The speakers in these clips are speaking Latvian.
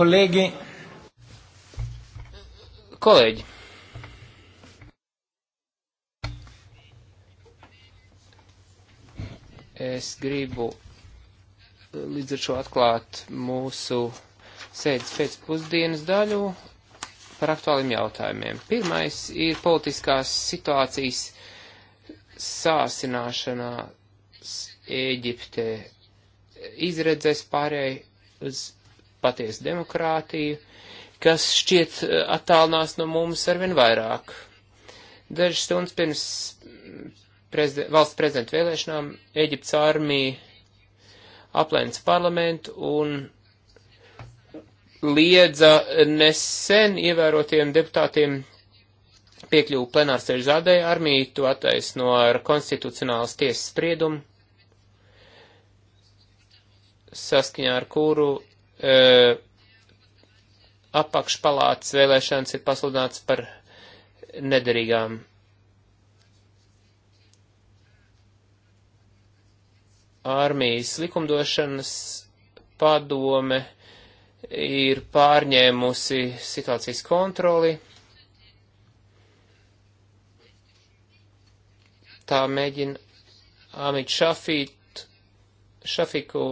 Colleghi. Kolēģi. Es gribu līdz ar šo atklāt mūsu sēdes pēcpusdienas daļu par aktuāliem jautājumiem. Pirmais ir politiskās situācijas sāsināšanās Ēģiptē. Izredzēs pārēj uz patiesu demokrātiju, kas šķiet eh, attālinās no mums arvien vairāk. Dažas stundas pirms prezide, valsts prezidenta vēlēšanām Eģiptes armija aplēns parlamentu un liedza nesen ievērotiem deputātiem piekļuvu plenārsēžu zādē, armija to attaisno ar konstitucionālas tiesas spriedumu, saskaņā ar kuru E, apakšpalātas vēlēšanas ir pasludināts par nederīgām. Armijas likumdošanas padome ir pārņēmusi situācijas kontroli. Tā mēģina Amit Šafīt, Šafiku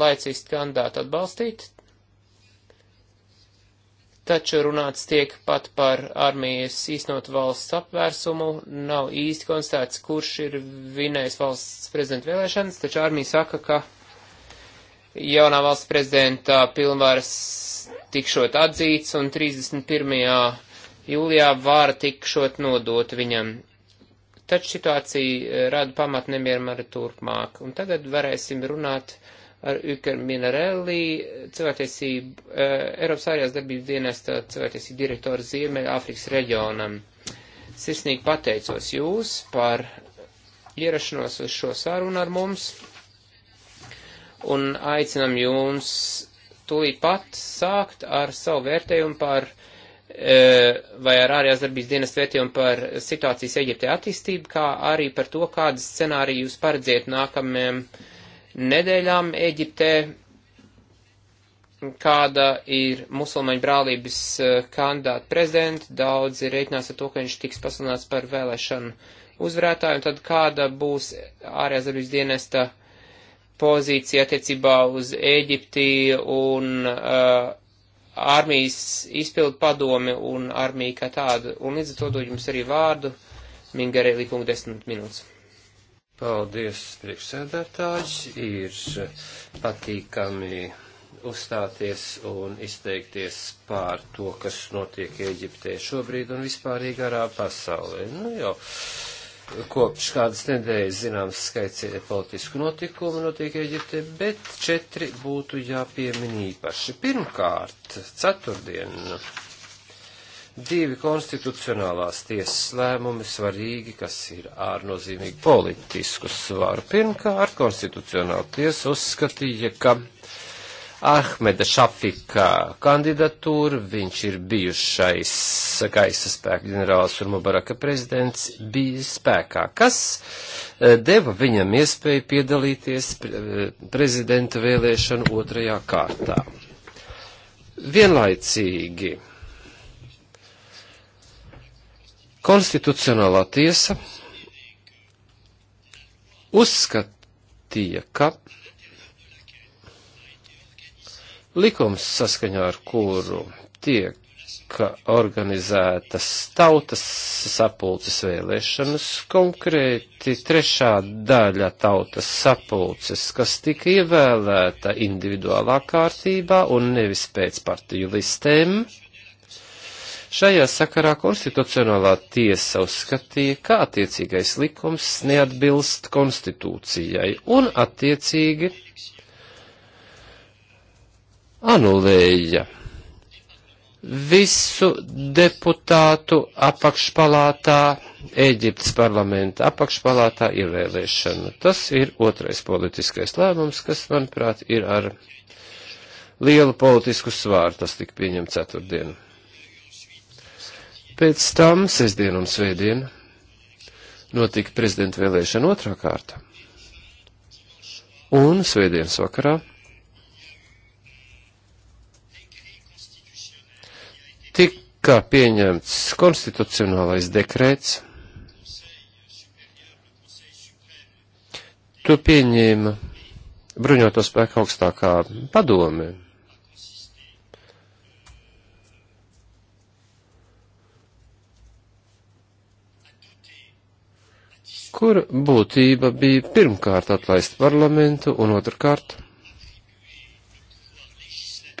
laicīst kandidātu atbalstīt, taču runāts tiek pat par armijas īstenot valsts apvērsumu, nav īsti konstatēts, kurš ir vinējis valsts prezidenta vēlēšanas, taču armija saka, ka jaunā valsts prezidenta pilnvaras tikšot atzīts un 31. jūlijā vāra tikšot nodot viņam. Taču situācija eh, rada pamat nemieram arī turpmāk, un tagad varēsim runāt par ar Uker Minarelli, cilvēktiesību, eh, Eiropas ārējās darbības dienesta cilvēktiesību direktoru Ziemeļāfrikas reģionam. Sirsnīgi pateicos jūs par ierašanos uz šo sarunu ar mums un aicinam jums tūlīt pat sākt ar savu vērtējumu par eh, vai ar ārējās darbības dienas vērtījumu par situācijas Eģiptē attīstību, kā arī par to, kādas scenārijas jūs paredzēt nākamajam uh, nedēļām Eģiptē, kāda ir musulmaņu brālības eh, kandidāta prezidenta. Daudzi reiķinās ar to, ka viņš tiks pasludināts par vēlēšanu uzvarētāju, un tad kāda būs ārējās darbības dienesta pozīcija attiecībā uz Eģipti un uh, armijas izpildu padomi un armiju kā tādu. Un līdz ar to dod jums arī vārdu. Mingarē likuma desmit minūtes. Paldies, priekšsēdētājs. Ir patīkami uzstāties un izteikties pār to, kas notiek Eģiptē šobrīd un vispārīgi arā pasaulē. Nu, jau kopš kādas nedēļas zināms skaits politisku notikumu notiek Eģipte, bet četri būtu jāpiemina īpaši. Pirmkārt, ceturtdien divi konstitucionālās tiesas lēmumi svarīgi, kas ir ārnozīmīgi politisku svaru. Pirmkārt, konstitucionāla tiesa uzskatīja, ka Ahmeda Šafika kandidatūra, viņš ir bijušais gaisa spēka ģenerālis un Mubaraka prezidents, bija spēkā, kas eh, deva viņam iespēju piedalīties eh, prezidenta vēlēšanu otrajā kārtā. Vienlaicīgi Konstitucionālā tiesa uzskatīja, ka likums saskaņā ar kuru tiek organizētas tautas sapulces vēlēšanas, konkrēti trešā daļa tautas sapulces, kas tika ievēlēta individuālā kārtībā un nevis pēc partiju listēm, Šajā sakarā konstitucionālā tiesa uzskatīja, ka attiecīgais likums neatbilst konstitūcijai un attiecīgi anulēja visu deputātu apakšpalātā, Ēģiptes parlamenta apakšpalātā ievēlēšanu. Tas ir otrais politiskais lēmums, kas, manuprāt, ir ar lielu politisku svāru. Tas tika pieņemts ceturtdienu. Pēc tam sestdien un svētdien notika prezidenta vēlēšana otrā kārta. Un svētdienas vakarā tika pieņemts konstitucionālais dekrēts. To pieņēma bruņoto spēku augstākā padome kur būtība bija pirmkārt atlaist parlamentu un otrkārt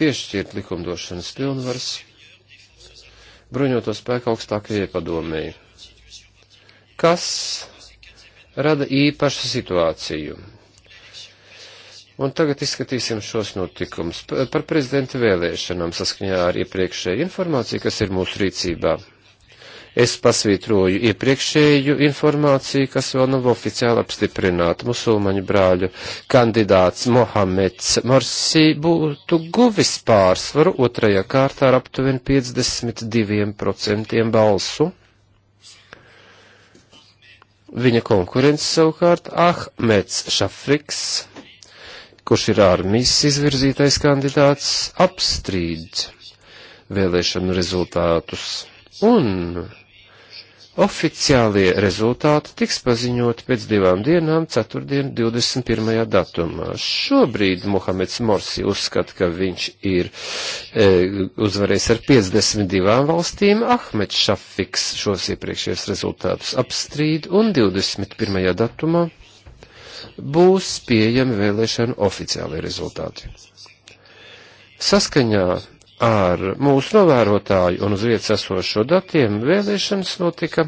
piešķirt likumdošanas pilnvaras bruņoto spēku augstākajai padomēji, kas rada īpašu situāciju. Un tagad izskatīsim šos notikumus par prezidenta vēlēšanām saskaņā ar iepriekšēju informāciju, kas ir mūsu rīcībā. Es pasvītroju iepriekšēju informāciju, kas vēl nav oficiāli apstiprināta. Musulmaņu brāļu kandidāts Mohameds Morsi būtu guvis pārsvaru otrajā kārtā ar aptuveni 52% balsu. Viņa konkurence savukārt Ahmeds Šafriks, kurš ir armijas izvirzītais kandidāts, apstrīd vēlēšanu rezultātus. Un Oficiālie rezultāti tiks paziņoti pēc divām dienām, ceturtdien, 21. datumā. Šobrīd Mohameds Morsi uzskata, ka viņš ir e, uzvarējis ar 52 valstīm, Ahmeds Šafiks šos iepriekšējos rezultātus apstrīd un 21. datumā būs pieejami vēlēšanu oficiālie rezultāti. Saskaņā ar mūsu novērotāju un uz vietas esošo datiem vēlēšanas notika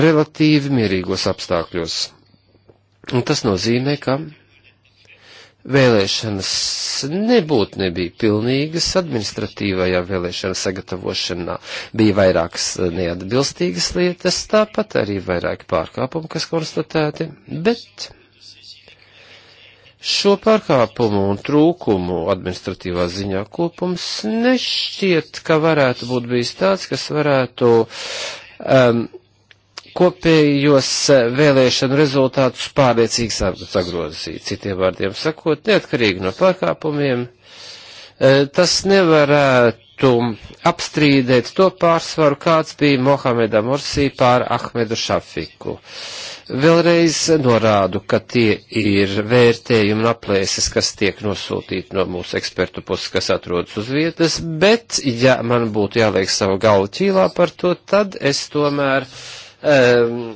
relatīvi mierīgos apstākļos. Un tas nozīmē, ka vēlēšanas nebūtu nebija pilnīgas administratīvajā vēlēšana sagatavošanā. Bija vairākas neatbilstīgas lietas, tāpat arī vairāki pārkāpumi, kas konstatēti, bet šo pārkāpumu un trūkumu administratīvā ziņā kopums nešķiet, ka varētu būt bijis tāds, kas varētu um, kopējos vēlēšanu rezultātus pārliecīgi sagrozīt. Citiem vārdiem sakot, neatkarīgi no pārkāpumiem, eh, tas nevarētu varētu apstrīdēt to pārsvaru, kāds bija Mohameda Mursī pār Ahmedu Šafiku. Vēlreiz norādu, ka tie ir vērtējumi un aplēses, kas tiek nosūtīti no mūsu ekspertu puses, kas atrodas uz vietas, bet, ja man būtu jāliek savu galvu ķīlā par to, tad es tomēr um,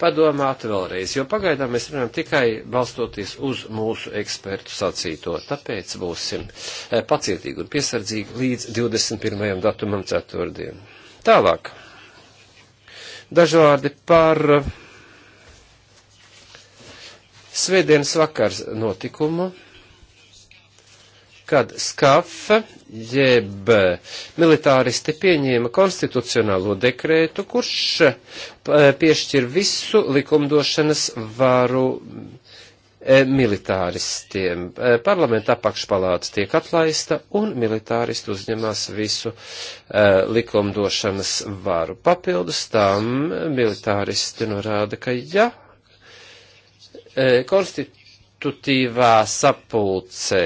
padomāt vēlreiz, jo pagaidām mēs runājam tikai balstoties uz mūsu ekspertu sacīto. Tāpēc būsim eh, pacietīgi un piesardzīgi līdz 21. datumam ceturtdien. Tālāk. Dažvārdi par eh, svētdienas vakars notikumu kad SKAF jeb militāristi pieņēma konstitucionālo dekrētu, kurš eh, piešķir visu likumdošanas varu eh, militāristiem. Eh, parlamenta apakšpalāta tiek atlaista un militāristi uzņemās visu uh, likumdošanas varu. Papildus tam militāristi norāda, ka ja uh, konstitūcija konstitutīvā sapulce,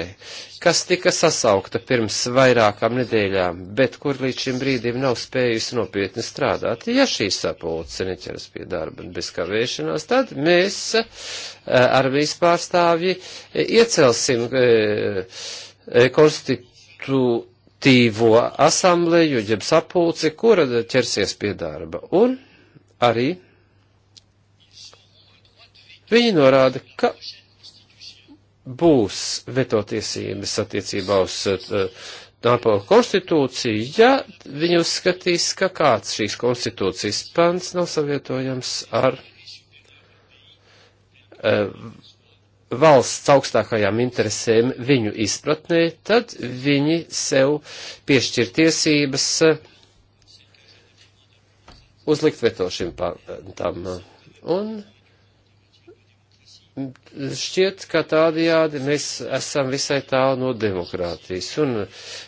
kas tika sasaukta pirms vairākām nedēļām, bet kur līdz šim brīdim nav spējusi nopietni strādāt. Ja šī sapulce neķeras pie darba bez kavēšanās, tad mēs eh, armijas pārstāvji eh, iecelsim eh, konstitutīvo asambleju, jeb sapulci, kura ķersies pie darba. Un arī viņi norāda, ka būs vetotiesības attiecībā uz Nāpolu eh, konstitūciju, ja viņi uzskatīs, ka kāds šīs konstitūcijas pants nav savietojams ar eh, valsts augstākajām interesēm viņu izpratnē, tad viņi sev piešķir tiesības eh, uzlikt veto šim pantam. Un šķiet, ka tādajādi mēs esam visai tālu no demokrātijas. Un,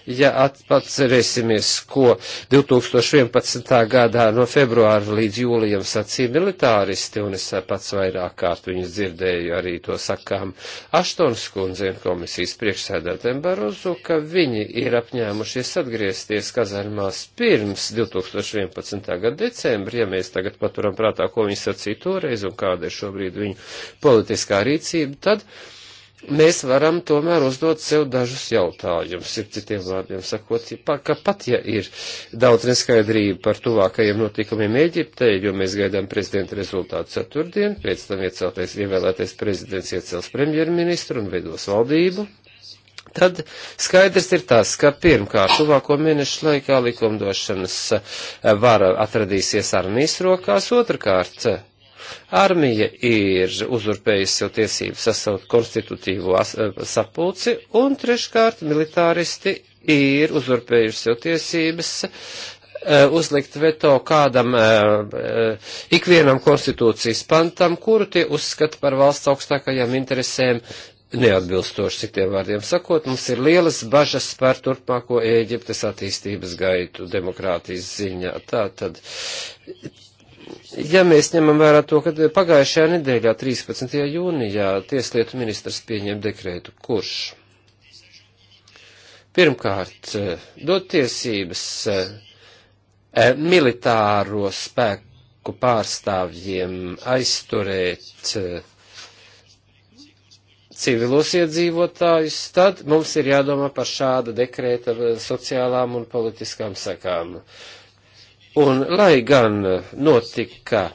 ja atcerēsimies, ko 2011. gadā no februāra līdz jūlijam sacīja militāristi, un es pats vairāk kārt viņus dzirdēju arī to sakām Aštons kundzien komisijas priekšsēdētēm Barozu, ka viņi ir apņēmušies atgriezties kazarmās pirms 2011. gada decembra, ja mēs tagad paturam prātā, ko viņi sacīja toreiz un kāda ir šobrīd viņu politika praktiskā rīcība, tad mēs varam tomēr uzdot sev dažus jautājumus. Ir citiem vārdiem sakot, ka pat ja ir daudz neskaidrību par tuvākajiem notikumiem Eģiptē, jo mēs gaidām prezidenta rezultātu ceturtdien, pēc tam ieceltais ievēlētais prezidents iecels premjerministru un veidos valdību, tad skaidrs ir tas, ka pirmkārt tuvāko mēnešu laikā likumdošanas vara atradīsies armijas rokās, otrkārt Armija ir uzurpējusi sev tiesību sasaukt konstitutīvo eh, sapulci, un treškārt militāristi ir uzurpējuši sev tiesības eh, uzlikt veto kādam eh, ikvienam konstitūcijas pantam, kuru tie uzskata par valsts augstākajām interesēm neatbilstoši citiem vārdiem sakot, mums ir lielas bažas par turpmāko Ēģiptes attīstības gaitu demokrātijas ziņā. Tā tad Ja mēs ņemam vērā to, ka pagājušajā nedēļā, 13. jūnijā, tieslietu ministrs pieņēma dekrētu, kurš pirmkārt eh, dod tiesības eh, eh, militāro spēku pārstāvjiem aizturēt civilos iedzīvotājus, tad mums ir jādomā par šāda dekrēta sociālām un politiskām sakām. Uh, Un lai gan notika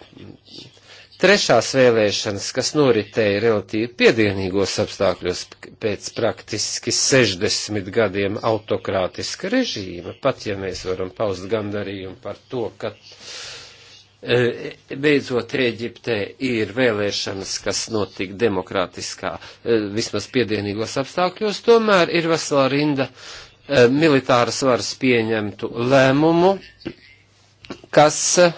trešās vēlēšanas, kas noritēja relatīvi piedienīgos apstākļos pēc praktiski 60 gadiem autokrātiska režīma, pat ja mēs varam paust gandarījumu par to, ka e, beidzot Ēģiptē ir vēlēšanas, kas notika demokrātiskā, e, vismaz piedienīgos apstākļos, tomēr ir vesela rinda e, militāras varas pieņemtu lēmumu, kas eh,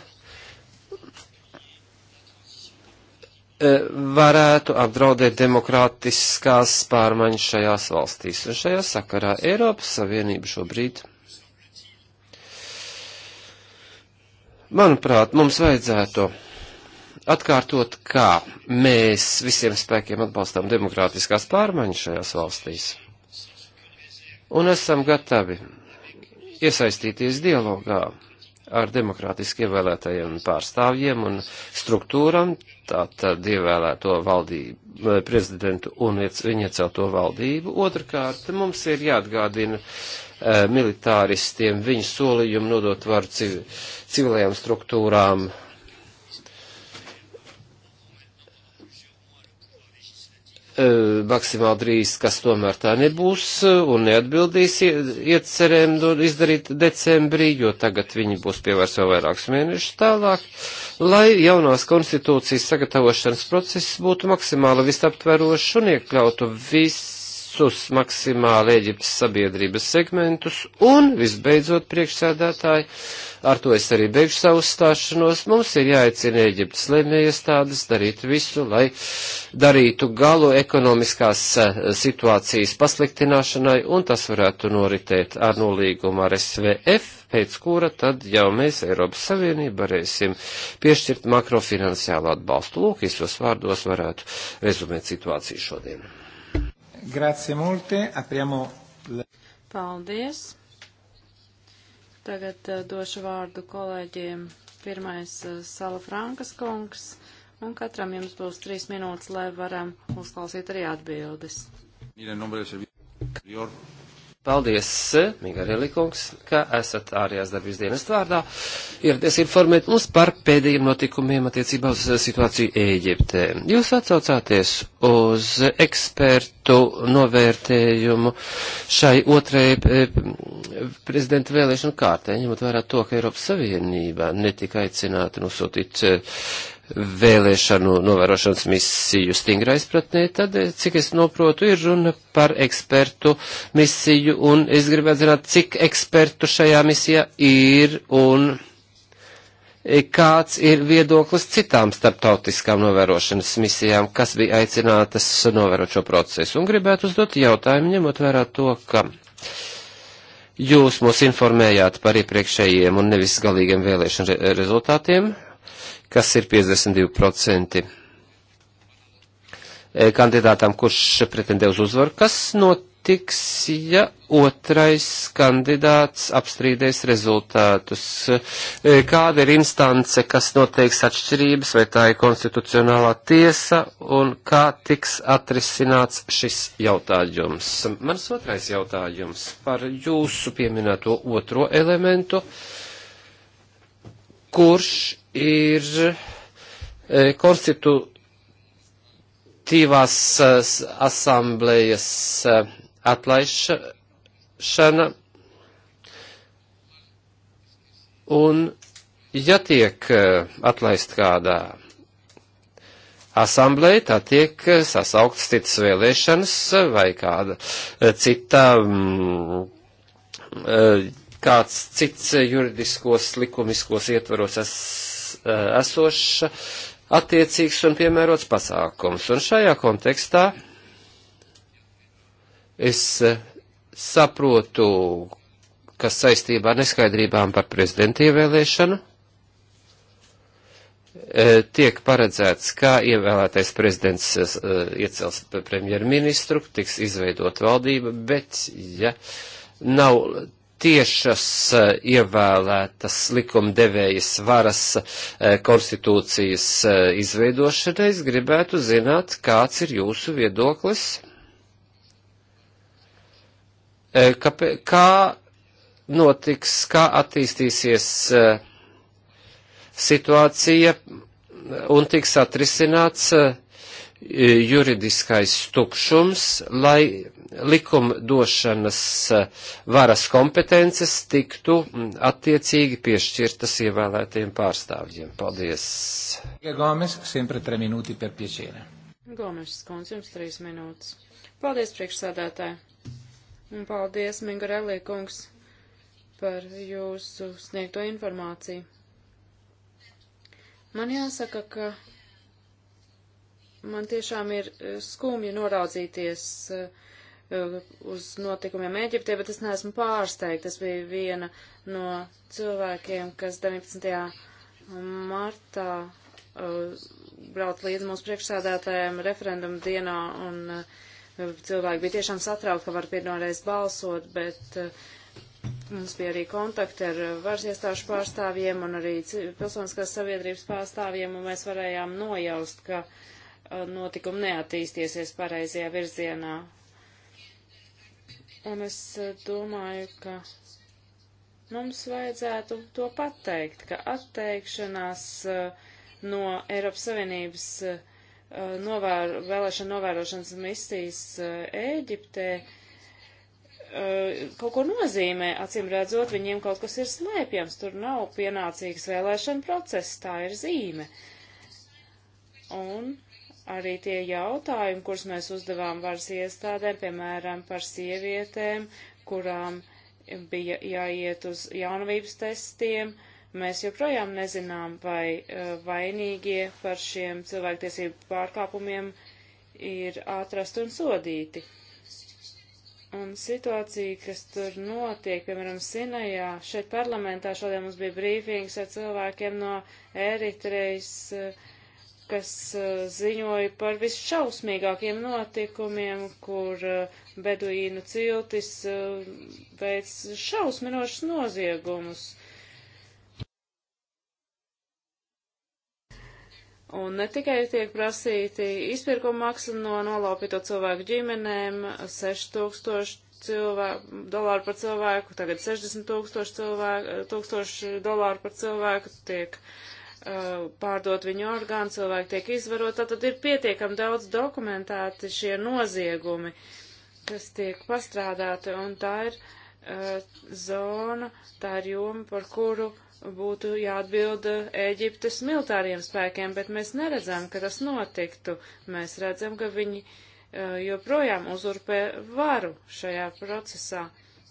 varētu apdraudēt demokrātiskās pārmaiņas šajās valstīs. Un šajā sakarā Eiropas Savienība šobrīd, manuprāt, mums vajadzētu atkārtot, kā mēs visiem spēkiem atbalstām demokrātiskās pārmaiņas šajās valstīs. Un esam gatavi iesaistīties dialogā ar demokrātiski ievēlētajiem pārstāvjiem un struktūram, tātad ievēlēto valdību, eh, prezidentu un viņa celto valdību. Otrakārt, mums ir jāatgādina eh, militāristiem viņu solījumu nodot varu civilajām struktūrām E, maksimāli drīz, kas tomēr tā nebūs e, un neatbildīs iecerēm izdarīt decembrī, jo tagad viņi būs pievērs vēl vairākus mēnešus tālāk, lai jaunās konstitūcijas sagatavošanas process būtu maksimāli visaptverošs un iekļautu viss visus maksimāli Eģiptes sabiedrības segmentus un, visbeidzot, priekšsēdētāji, ar to es arī beigšu savu stāšanos, mums ir jāicina Eģiptes lēmējiestādes darīt visu, lai darītu galu ekonomiskās eh, situācijas pasliktināšanai, un tas varētu noritēt ar nolīgumu ar SVF, pēc kura tad jau mēs Eiropas Savienību varēsim piešķirt makrofinansiālu atbalstu. Lūk, es vārdos varētu rezumēt situāciju šodien. Grazie molte. Apriamo. Paldies. Tagad uh, došu vārdu kolēģiem. Pirmais uh, eh, Sala Frankas kungs, un katram jums būs trīs minūtes, lai varam uzklausīt arī atbildes. Mire, nombre, Paldies, Migareli kungs, ka esat ārējās darbības dienas vārdā. Ieradies informēt mums par pēdējiem notikumiem attiecībā uz situāciju Ēģiptē. Jūs atsaucāties uz ekspertu novērtējumu šai otrajai eh, prezidenta vēlēšanu kārtē, ņemot vērā to, ka Eiropas Savienība netika aicināta nosūtīt eh, vēlēšanu novērošanas misiju stingrā izpratnē, tad, eh, cik es noprotu, ir runa par ekspertu misiju misiju, un es gribētu zināt, cik ekspertu šajā misijā ir un e, kāds ir viedoklis citām starptautiskām novērošanas misijām, kas bija aicinātas novērot šo procesu. Un gribētu uzdot jautājumu, ņemot vērā to, ka jūs mūs informējāt par iepriekšējiem un nevis galīgiem vēlēšanu re rezultātiem, kas ir 52% e, kandidātam, kurš pretendē uz uzvaru. Kas notiek? notiks, ja otrais kandidāts apstrīdēs rezultātus? E, kāda ir instance, kas noteiks atšķirības, vai tā ir konstitucionālā tiesa, un kā tiks atrisināts šis jautājums? Mans otrais jautājums par jūsu pieminēto otro elementu, kurš ir e, konstitucionālā tīvās e, asamblejas atlaišana. Un, ja tiek eh, atlaist kādā asamblēja, tā tiek eh, sasauktas citas vēlēšanas eh, vai kāda cita, mm, kāds cits juridiskos, likumiskos ietvaros es, esošs attiecīgs un piemērots pasākums. Un šajā kontekstā Es eh, saprotu, kas saistībā ar neskaidrībām par prezidenta ievēlēšanu eh, tiek paredzēts, kā ievēlētais prezidents eh, iecels premjerministru, tiks izveidot valdība, bet, ja nav tiešas ievēlētas likumdevējas varas konstitūcijas izveidošanai, es gribētu zināt, kāds ir jūsu viedoklis E, kā, kā notiks, kā attīstīsies e, situācija un tiks atrisināts e, juridiskais tukšums, lai likumdošanas varas kompetences tiktu attiecīgi piešķirtas ievēlētiem pārstāvjiem. Paldies! Gomes, sempre tre minūti per piacere. Gomes, skons jums trīs minūtes. Paldies, priekšsādātāji! Paldies, Mingarelī kungs, par jūsu sniegto informāciju. Man jāsaka, ka man tiešām ir eh, skumji noraudzīties eh, uz notikumiem Eģiptē, bet es neesmu pārsteigta. Es biju viena no cilvēkiem, kas 19. martā eh, brauc līdz mūsu priekšsādātājiem referendumu dienā un uh, Cilvēki bija tiešām satraukti, ka var pirmoreiz balsot, bet eh, mums bija arī kontakti ar eh, varas iestāžu pārstāvjiem un arī pilsoniskās sabiedrības pārstāvjiem, un mēs varējām nojaust, ka eh, notikumi neattīstīsies pareizajā virzienā. Un es domāju, ka mums vajadzētu to pateikt, ka atteikšanās no Eiropas Savienības uh, novēr, vēlēšana novērošanas misijas eh, Ēģiptē eh, kaut ko nozīmē. Acīm redzot, viņiem kaut kas ir slēpjams, tur nav pienācīgs vēlēšana process, tā ir zīme. Un arī tie jautājumi, kurus mēs uzdevām varas iestādēm, piemēram, par sievietēm, kurām bija jāiet uz jaunavības testiem, uh, Mēs joprojām nezinām, vai eh, vainīgie par šiem cilvēktiesību pārkāpumiem ir atrasti un sodīti. Un situācija, kas tur notiek, piemēram, Sinajā, šeit parlamentā šodien mums bija brīfings ar cilvēkiem no Eritrejas, eh, kas eh, ziņoja par visšausmīgākiem notikumiem, kur beduīnu ciltis veids šausminošas noziegumus Un ne tikai tiek prasīti izpirkuma maksa no nolaupīto cilvēku ģimenēm, 6000 cilvēku, dolāru par cilvēku, tagad 60 tūkstoši, cilvēku, tūkstoši dolāru par cilvēku tiek uh, pārdot viņu orgānu, cilvēki tiek izvarot, tad ir pietiekami daudz dokumentēti šie noziegumi, kas tiek pastrādāti, un tā ir uh, zona, tā ir joma, par kuru uh, būtu jāatbild eh, Ēģiptes militāriem spēkiem, bet mēs neredzam, ka tas notiktu. Mēs redzam, ka viņi eh, joprojām uzurpē varu šajā procesā.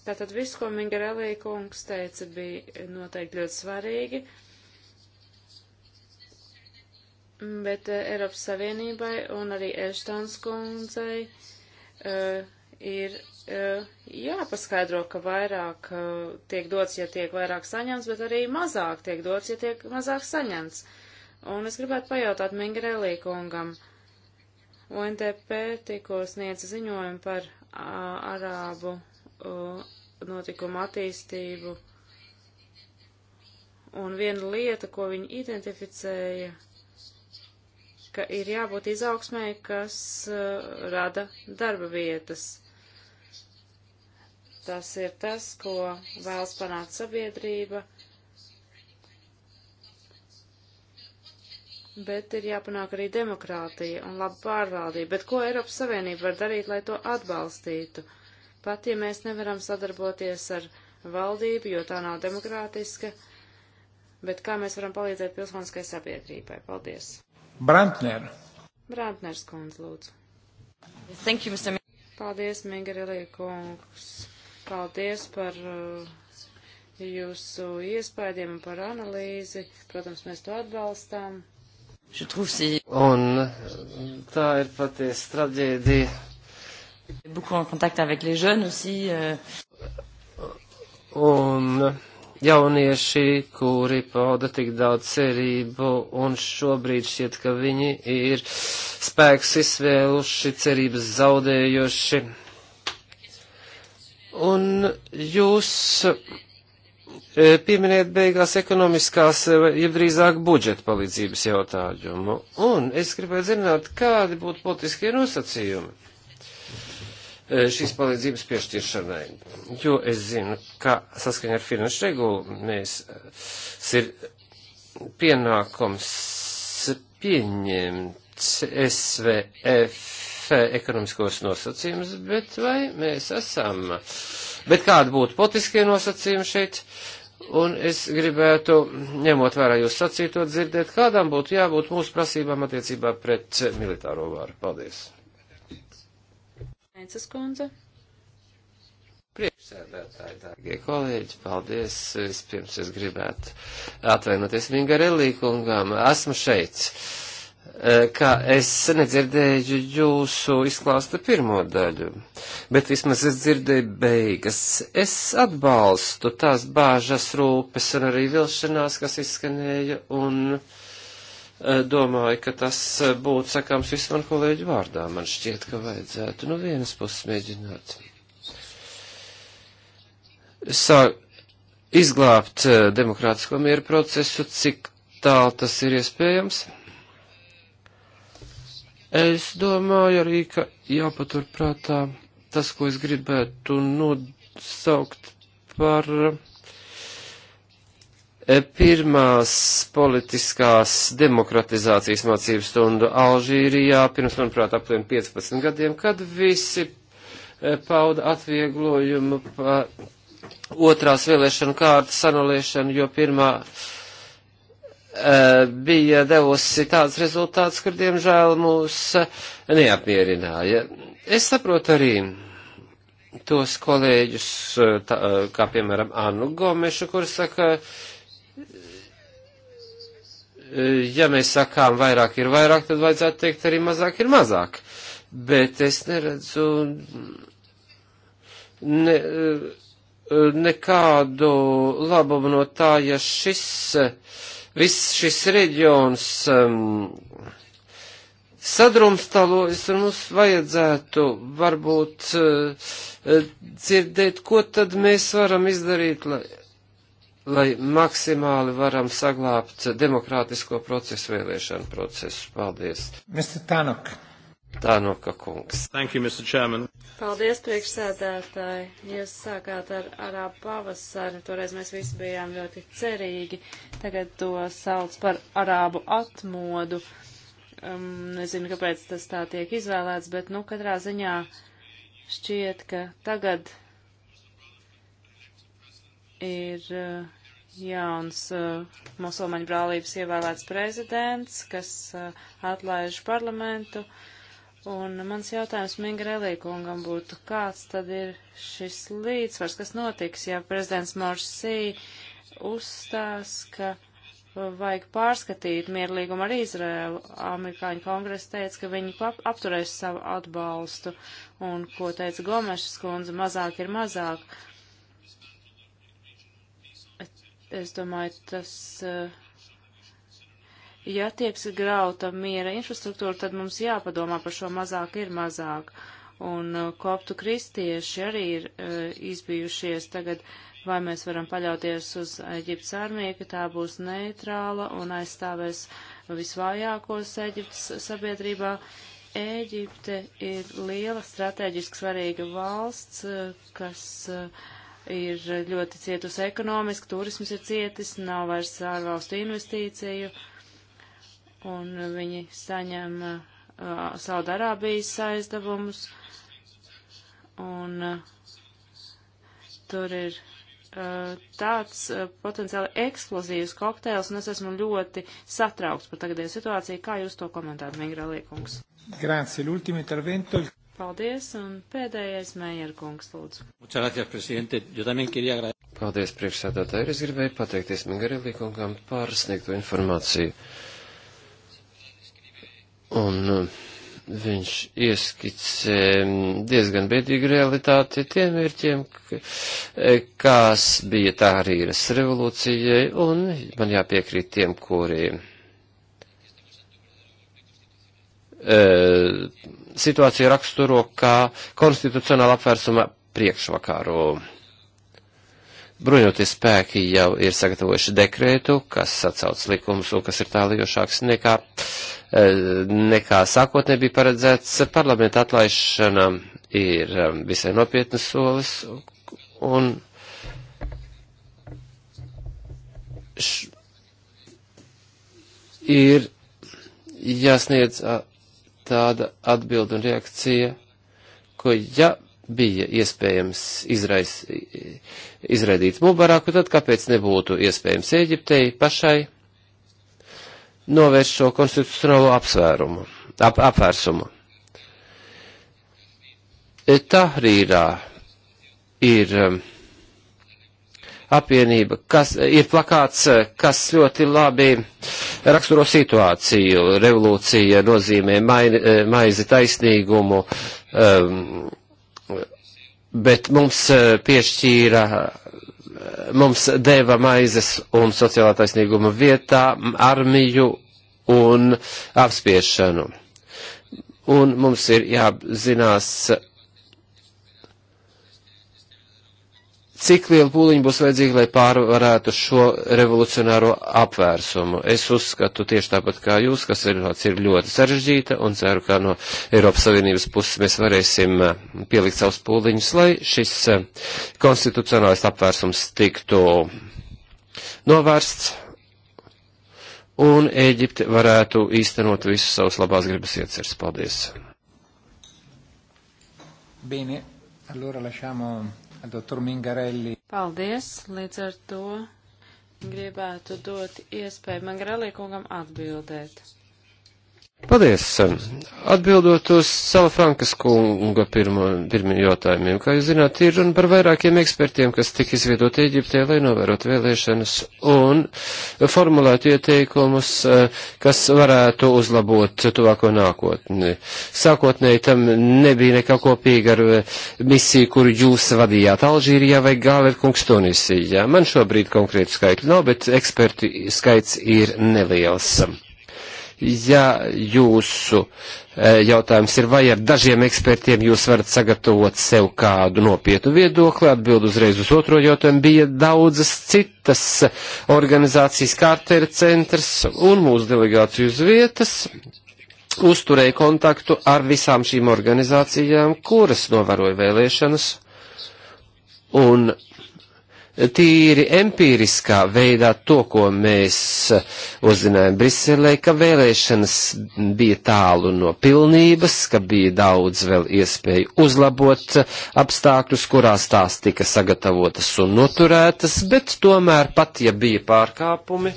Tātad viss, ko Mingarelī kungs teica, bija noteikti ļoti svarīgi, mm, bet eh, Eiropas Savienībai un arī Eštons kundzei uh, ir eh, jāpaskaidro, ka vairāk eh, tiek dots, ja tiek vairāk saņemts, bet arī mazāk tiek dots, ja tiek mazāk saņemts. Un es gribētu pajautāt Mingrelī kungam. UNDP tikko sniedza ziņojumu par eh, arābu notikumu attīstību. Un viena lieta, ko viņi identificēja, ka ir jābūt izaugsmēji, kas uh, rada darba vietas. Tas ir tas, ko vēlas panākt sabiedrība, bet ir jāpanāk arī demokrātija un laba pārvaldība. Bet ko Eiropas Savienība var darīt, lai to atbalstītu? Pat ja mēs nevaram sadarboties ar valdību, jo tā nav demokrātiska, bet kā mēs varam palīdzēt pilsoniskai sabiedrībai? Paldies! Brantner! Brantners kundze, lūdzu! Thank you, Mr. Paldies, Mingarelī kungs! Paldies par uh, jūsu iespējām un par analīzi. Protams, mēs to atbalstām. Un uh, tā ir patiesa traģēdija. Beaucoup en contact avec les jeunes aussi. Euh. Un jaunieši, kuri pauda tik daudz cerību, un šobrīd šķiet, ka viņi ir spēks izsvēluši, cerības zaudējuši. Un jūs e, pieminēt beigās ekonomiskās, e, jeb drīzāk budžeta palīdzības jautājumu. Un es gribēju zināt, kādi būtu politiskie nosacījumi e, šīs palīdzības piešķiršanai. Jo es zinu, ka saskaņā ar finanšu regulu mēs ir pienākums pieņemt SVF ekonomiskos nosacījumus, bet vai mēs esam, bet kādi būtu politiskie nosacījumi šeit? Un es gribētu, ņemot vērā jūs sacīto, dzirdēt, kādām būtu jābūt mūsu prasībām attiecībā pret militāro vāru. Paldies. Mēnesis kundze. Priekšsēdētāji, dārgie kolēģi, paldies. Vispirms es gribētu atvainoties Vingarelī kungām. Esmu šeit. Uh, Eh, ka es nedzirdēju jūsu izklāsta pirmo daļu, bet vismaz es dzirdēju beigas. Es atbalstu tās bāžas rūpes un arī vilšanās, kas izskanēja, un eh, domāju, ka tas būtu sakāms visu manu kolēģu vārdā. Man šķiet, ka vajadzētu no vienas puses mēģināt. Sāk izglābt eh, demokrātisko mieru procesu, cik tālu tas ir iespējams. Es domāju arī, ka jāpaturprātā tas, ko es gribētu nosaukt par e, pirmās politiskās demokratizācijas mācību stundu Alžīrijā, pirms, manuprāt, aptuveni 15 gadiem, kad visi e, pauda atvieglojumu par otrās vēlēšanu kārtas anulēšanu, jo pirmā uh, Eh, bija devusi tāds rezultāts, kur diemžēl mūs eh, neapmierināja. Es saprotu arī tos kolēģus, eh, tā, kā piemēram Annu Gomešu, kur saka, ja mēs sakām vairāk ir vairāk, tad vajadzētu teikt arī mazāk ir mazāk. Bet es neredzu ne, nekādu labumu no tā, ja šis uh, viss šis reģions um, sadrumstalojas, un mums vajadzētu varbūt uh, dzirdēt, ko tad mēs varam izdarīt, lai, lai maksimāli varam saglābt demokrātisko procesu, vēlēšanu procesu. Paldies! Mr. Tanok. Tānoka kungs. Thank you, Mr. Chairman. Paldies, priekšsēdētāji. Jūs sākāt ar arābu pavasari, toreiz mēs visi bijām ļoti cerīgi. Tagad to sauc par arābu atmodu. Um, nezinu, kāpēc tas tā tiek izvēlēts, bet, nu, katrā ziņā šķiet, ka tagad ir uh, jauns uh, musulmaņu brālības ievēlēts prezidents, kas uh, atlaiž parlamentu. Uh, Un mans jautājums Mingrelī kungam būtu, kāds tad ir šis līdzsvars, kas notiks, ja prezidents Morsī uzstās, ka vajag pārskatīt mierlīgumu ar Izrēlu. Amerikāņu kongresa teica, ka viņi apturēs savu atbalstu, un, ko teica Gomešas kundze, mazāk ir mazāk. Es domāju, tas uh, Ja tiek grauta miera infrastruktūra, tad mums jāpadomā par šo mazāk ir mazāk. Un uh, koptu kristieši arī ir uh, izbijušies tagad, vai mēs varam paļauties uz Eģiptes armiju, ka tā būs neitrāla un aizstāvēs visvājākos Eģiptes sabiedrībā. Ēģipte ir liela strateģiski svarīga valsts, uh, kas ir ļoti cietusi ekonomiski, turisms ir cietis, nav vairs ārvalstu investīciju. Uh, un viņi saņem uh, Saudarābijas aizdevumus, un uh, tur ir uh, tāds uh, potenciāli eksplozīvs kokteils, un es esmu ļoti satraukts par tagadēju situāciju. Kā jūs to komentētu, Mingra Liekungs? Grāci, l'ultimo intervento. Paldies, un pēdējais Meijer kungs, lūdzu. Muchas gracias, presidente. Yo también quería agradecer. Paldies, priekšsēdētāji. Es gribēju pateikties Mingarelī kungam par sniegto informāciju. Uh, Un nu, viņš ieskicē diezgan bēdīgu realitāti tiem mērķiem, kas bija tā arī īras revolūcijai, un man jāpiekrīt tiem, kuri e, situāciju raksturo kā konstitucionāla apvērsuma priekšvakāru. Bruņotie spēki jau ir sagatavojuši dekrētu, kas sacauc likumus un kas ir tālajošāks nekā, eh, nekā sākotnē bija paredzēts. Parlamenta atlaišana ir um, visai nopietnas solis un š, ir jāsniedz tāda atbilda un reakcija, ko ja bija iespējams izrais, izraidīt Mubaraku, tad kāpēc nebūtu iespējams Ēģiptei pašai novērst šo konstitucionālo apsvērumu, ap, apvērsumu? E, Tahrīrā ir um, apvienība, kas ir plakāts, kas ļoti labi raksturo situāciju. Revolūcija nozīmē e, maizi taisnīgumu, um, bet mums eh, piešķīra, eh, mums deva maizes un sociālā taisnīguma vietā armiju un apspiešanu. Un mums ir jāzinās, cik liela pūliņa būs vajadzīga, lai pārvarētu šo revolucionāro apvērsumu. Es uzskatu tieši tāpat kā jūs, kas ir, ir ļoti sarežģīta un ceru, ka no Eiropas Savienības puses mēs varēsim eh, pielikt savus pūliņus, lai šis eh, konstitucionālais apvērsums tiktu novērsts un Ēģipte varētu īstenot visus savus labās gribas ieceres. Paldies! Bene, allora lasciamo Doktor Mingarelli. Paldies, līdz ar to gribētu dot iespēju Mangarelli kungam atbildēt. Paldies! Atbildot uz Sala Frankas kunga pirmo, pirmiem jautājumiem, kā jūs zināt, ir runa par vairākiem ekspertiem, kas tika izviedot Eģiptē, lai novērot vēlēšanas un formulētu ieteikumus, kas varētu uzlabot tuvāko nākotni. Sākotnēji tam nebija nekā kopīga ar misiju, kuru jūs vadījāt Alžīrijā vai Gāler kungs Tunisijā. Man šobrīd konkrēti skaitļi nav, bet eksperti skaits ir neliels ja jūsu e, jautājums ir, vai ar dažiem ekspertiem jūs varat sagatavot sev kādu nopietnu viedokli, atbild uzreiz uz otro jautājumu, bija daudzas citas organizācijas kārtera centrs un mūsu delegācijas vietas. Uzturēja kontaktu ar visām šīm organizācijām, kuras novēroja vēlēšanas, un tīri empīriskā veidā to, ko mēs uzzinājām Briselē, ka vēlēšanas bija tālu no pilnības, ka bija daudz vēl iespēju uzlabot apstākļus, kurās tās tika sagatavotas un noturētas, bet tomēr pat, ja bija pārkāpumi,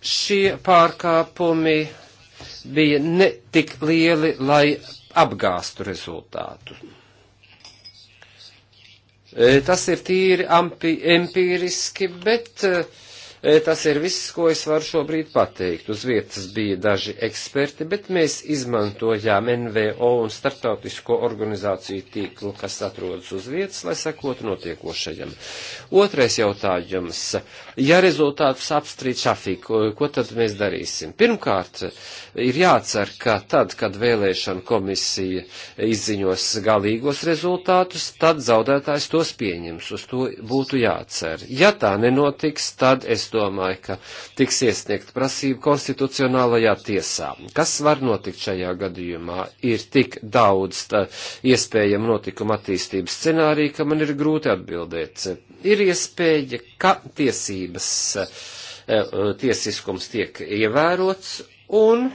šie pārkāpumi bija ne tik lieli, lai apgāstu rezultātu. Eh, tas ir tīri ampi, empīriski, bet eh, eh, tas ir viss, ko es varu šobrīd pateikt. Uz vietas bija daži eksperti, bet mēs izmantojām NVO un startautisko organizāciju tīklu, kas atrodas uz vietas, lai sekotu notiekošajam. Otrais jautājums. Ja rezultātus apstrīd Šafik, ko tad mēs darīsim? Pirmkārt, ir jācer, ka tad, kad vēlēšana komisija izziņos galīgos rezultātus, tad zaudētājs tos pieņems. Uz to būtu jācer. Ja tā nenotiks, tad es domāju, ka tiks iesniegt prasība konstitucionālajā tiesā. Kas var notikt šajā gadījumā? Ir tik daudz iespējamu notikumu attīstības scenāriju, ka man ir grūti atbildēt. Ir iespēja, ka tiesības e, e, tiesiskums tiek ievērots un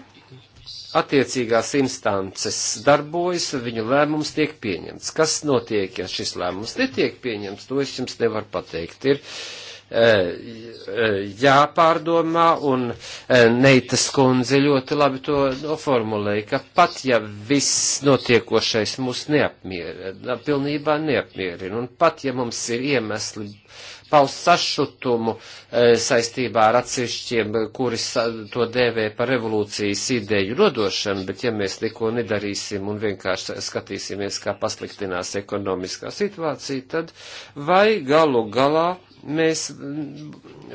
attiecīgās instances darbojas un viņu lēmums tiek pieņemts. Kas notiek, ja šis lēmums netiek pieņemts, to es jums nevaru pateikt. Ir e, e, jāpārdomā, un e, Neitas kundze ļoti labi to noformulēja, ka pat ja viss notiekošais mūs neapmierina, pilnībā neapmierina, un pat ja mums ir iemesli uh, paust sašutumu e, saistībā ar atsevišķiem, kuri to dēvē par revolūcijas ideju nodošanu, bet ja mēs neko nedarīsim un vienkārši skatīsimies, kā pasliktinās ekonomiskā situācija, tad vai galu galā mēs,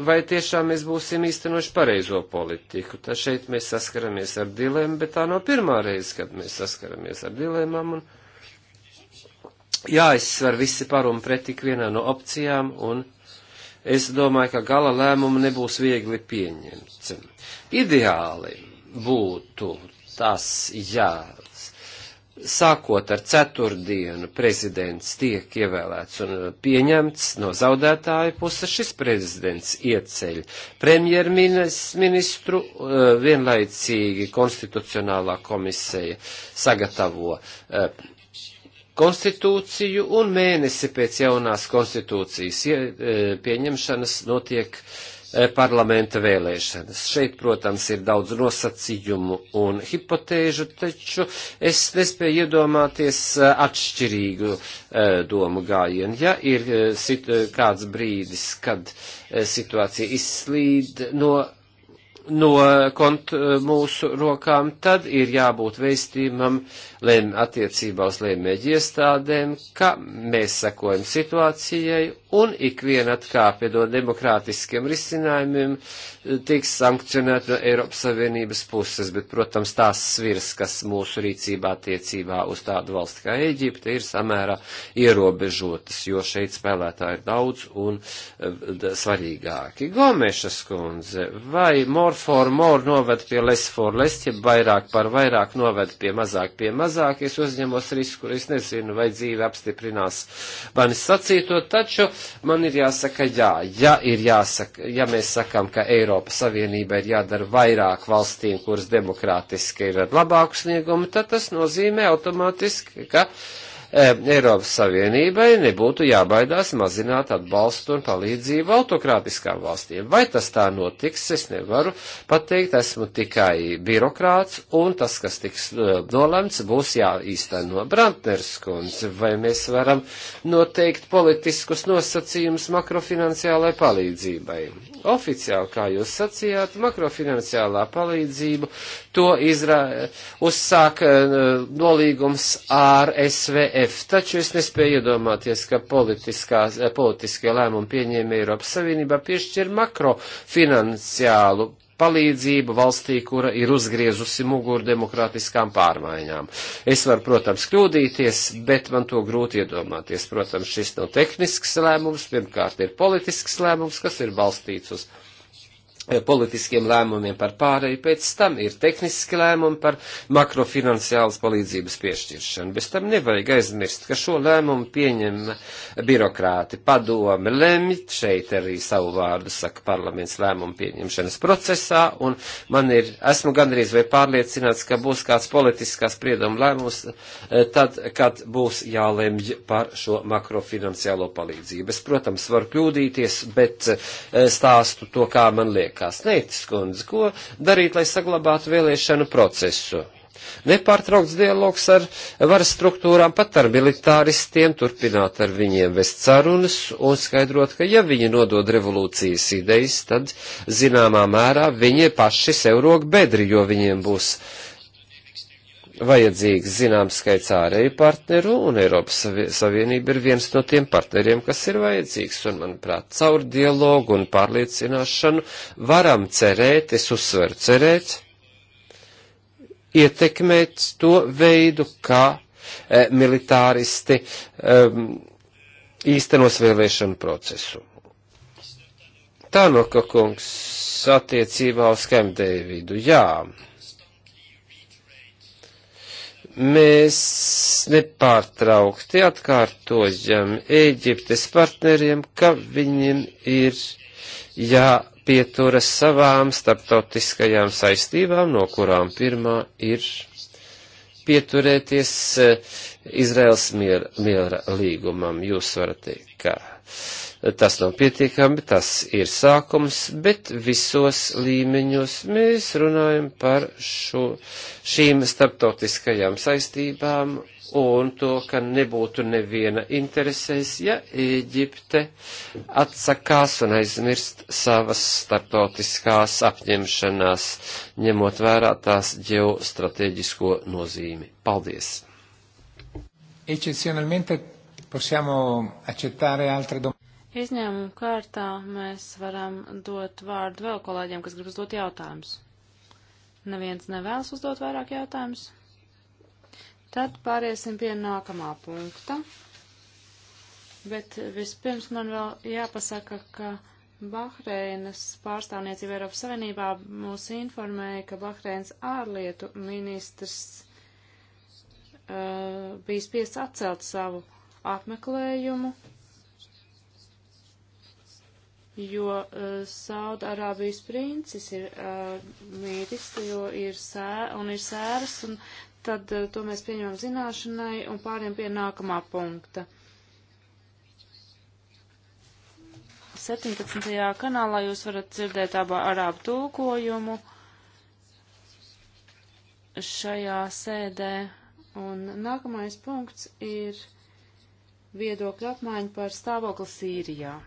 vai tiešām mēs būsim īstenoši pareizo politiku. Tad šeit mēs saskaramies ar dilēmu, bet tā nav pirmā reize, kad mēs saskaramies ar dilēmām. Un jāizsver visi par un pret tik vienā no opcijām un es domāju, ka gala lēmumu nebūs viegli pieņemt. Ideāli būtu tas, ja sākot ar ceturtdienu prezidents tiek ievēlēts un pieņemts no zaudētāja puses, šis prezidents ieceļ premjerministru, eh, vienlaicīgi konstitucionālā komisija sagatavo uh, konstitūciju, un mēnesi pēc jaunās konstitūcijas e, pieņemšanas notiek e, parlamenta vēlēšanas. Šeit, protams, ir daudz nosacījumu un hipotēžu, taču es nespēju iedomāties e, atšķirīgu domu gājienu. Ja ir kāds brīdis, kad situācija izslīd no no kont mūsu rokām, tad ir jābūt veistījumam uh, lēm, attiecībā uz lēmēģi iestādēm, ka mēs sekojam situācijai un ikviena atkāpja no demokrātiskiem risinājumiem eh, tiks sankcionēta no Eiropas Savienības puses, bet, protams, tās svirs, kas mūsu rīcībā attiecībā uz tādu valsti kā Eģipte, ir samērā ierobežotas, jo šeit spēlētāji ir daudz un eh, svarīgāki. Gomešas kundze, vai more for more noved pie less for less, ja vairāk par vairāk noved pie mazāk pie mazāk? mazāk, es uzņemos risku, es nezinu, vai dzīve apstiprinās manis sacīto, taču man ir jāsaka jā. Ja, ir jāsaka, ja mēs sakam, ka Eiropas Savienība ir jādara vairāk valstīm, kuras demokrātiski ir ar labāku sniegumu, tad tas nozīmē automātiski, ka. Uh, E, Eiropas Savienībai nebūtu jābaidās mazināt atbalstu un palīdzību autokrātiskām valstīm. Vai tas tā notiks, es nevaru pateikt, esmu tikai birokrāts, un tas, kas tiks e, nolemts, būs jāīsteno Brantners kundze, vai mēs varam noteikt politiskus nosacījumus makrofinanciālai palīdzībai. Oficiāli, kā jūs sacījāt, makrofinanciālā palīdzība to izra, uzsāk eh, nolīgums ar SVF. Taču es nespēju iedomāties, ka eh, politiskie lēmumi pieņēma Eiropas Savienībā piešķir makrofinanciālu palīdzību valstī, kura ir uzgriezusi muguru demokrātiskām pārmaiņām. Es varu, protams, kļūdīties, bet man to grūti iedomāties. Protams, šis nav tehnisks lēmums, pirmkārt ir politisks lēmums, kas ir balstīts uz Eh, politiskiem lēmumiem par pāreju, pēc tam ir tehniski lēmumi par makrofinansiālas palīdzības piešķiršanu. Bez tam nevajag aizmirst, ka šo lēmumu pieņem birokrāti, padome, lemj, šeit arī savu vārdu saka parlaments lēmumu pieņemšanas procesā, un man ir, esmu gandrīz vai pārliecināts, ka būs kāds politiskās priedoma lēmums, eh, tad, kad būs jālemj par šo makrofinansiālo palīdzību. Es, protams, varu kļūdīties, bet eh, stāstu to, kā man liek laikā. Sneitis kundze, ko darīt, lai saglabātu vēlēšanu procesu? Nepārtraukts dialogs ar varas struktūrām, pat ar militāristiem, turpināt ar viņiem vest sarunas un skaidrot, ka ja viņi nodod revolūcijas idejas, tad zināmā mērā viņi paši sev rok bedri, jo viņiem būs uh, vajadzīgs zināms skaits ārēju partneru, un Eiropas Savienība ir viens no tiem partneriem, kas ir vajadzīgs, un, manuprāt, caur dialogu un pārliecināšanu varam cerēt, es uzsveru cerēt, ietekmēt to veidu, kā e, militāristi e, īstenos vēlēšanu procesu. Tānoka kungs attiecībā uz Kemdeividu, jā mēs nepārtraukti atkārtojam Ēģiptes partneriem, ka viņiem ir jāpieturas savām starptautiskajām saistībām, no kurām pirmā ir pieturēties eh, Izraels miera, miera līgumam. Jūs varat teikt, ka tas nav pietiekami, tas ir sākums, bet visos līmeņos mēs runājam par šo, šīm starptautiskajām saistībām un to, ka nebūtu neviena interesēs, ja Ēģipte atsakās un aizmirst savas starptautiskās apņemšanās, ņemot vērā tās ģeostrateģisko nozīmi. Paldies! Eccezionalmente possiamo accettare altre domande. Izņēmumu kārtā mēs varam dot vārdu vēl kolēģiem, kas grib uzdot jautājumus. Neviens nevēlas uzdot vairāk jautājumus. Tad pāriesim pie nākamā punkta. Bet vispirms man vēl jāpasaka, ka Bahreinas pārstāvniecība Eiropas Savienībā mūs informēja, ka Bahreinas ārlietu ministrs uh, bija spiests atcelt savu apmeklējumu jo uh, eh, Saudārābijas princis ir uh, mītis, jo ir sē, un ir sēras, un tad uh, to mēs pieņemam zināšanai un pāriem pie nākamā punkta. 17. kanālā jūs varat dzirdēt abu arābu tulkojumu šajā sēdē, un nākamais punkts ir viedokļa apmaiņa par stāvokli Sīrijā.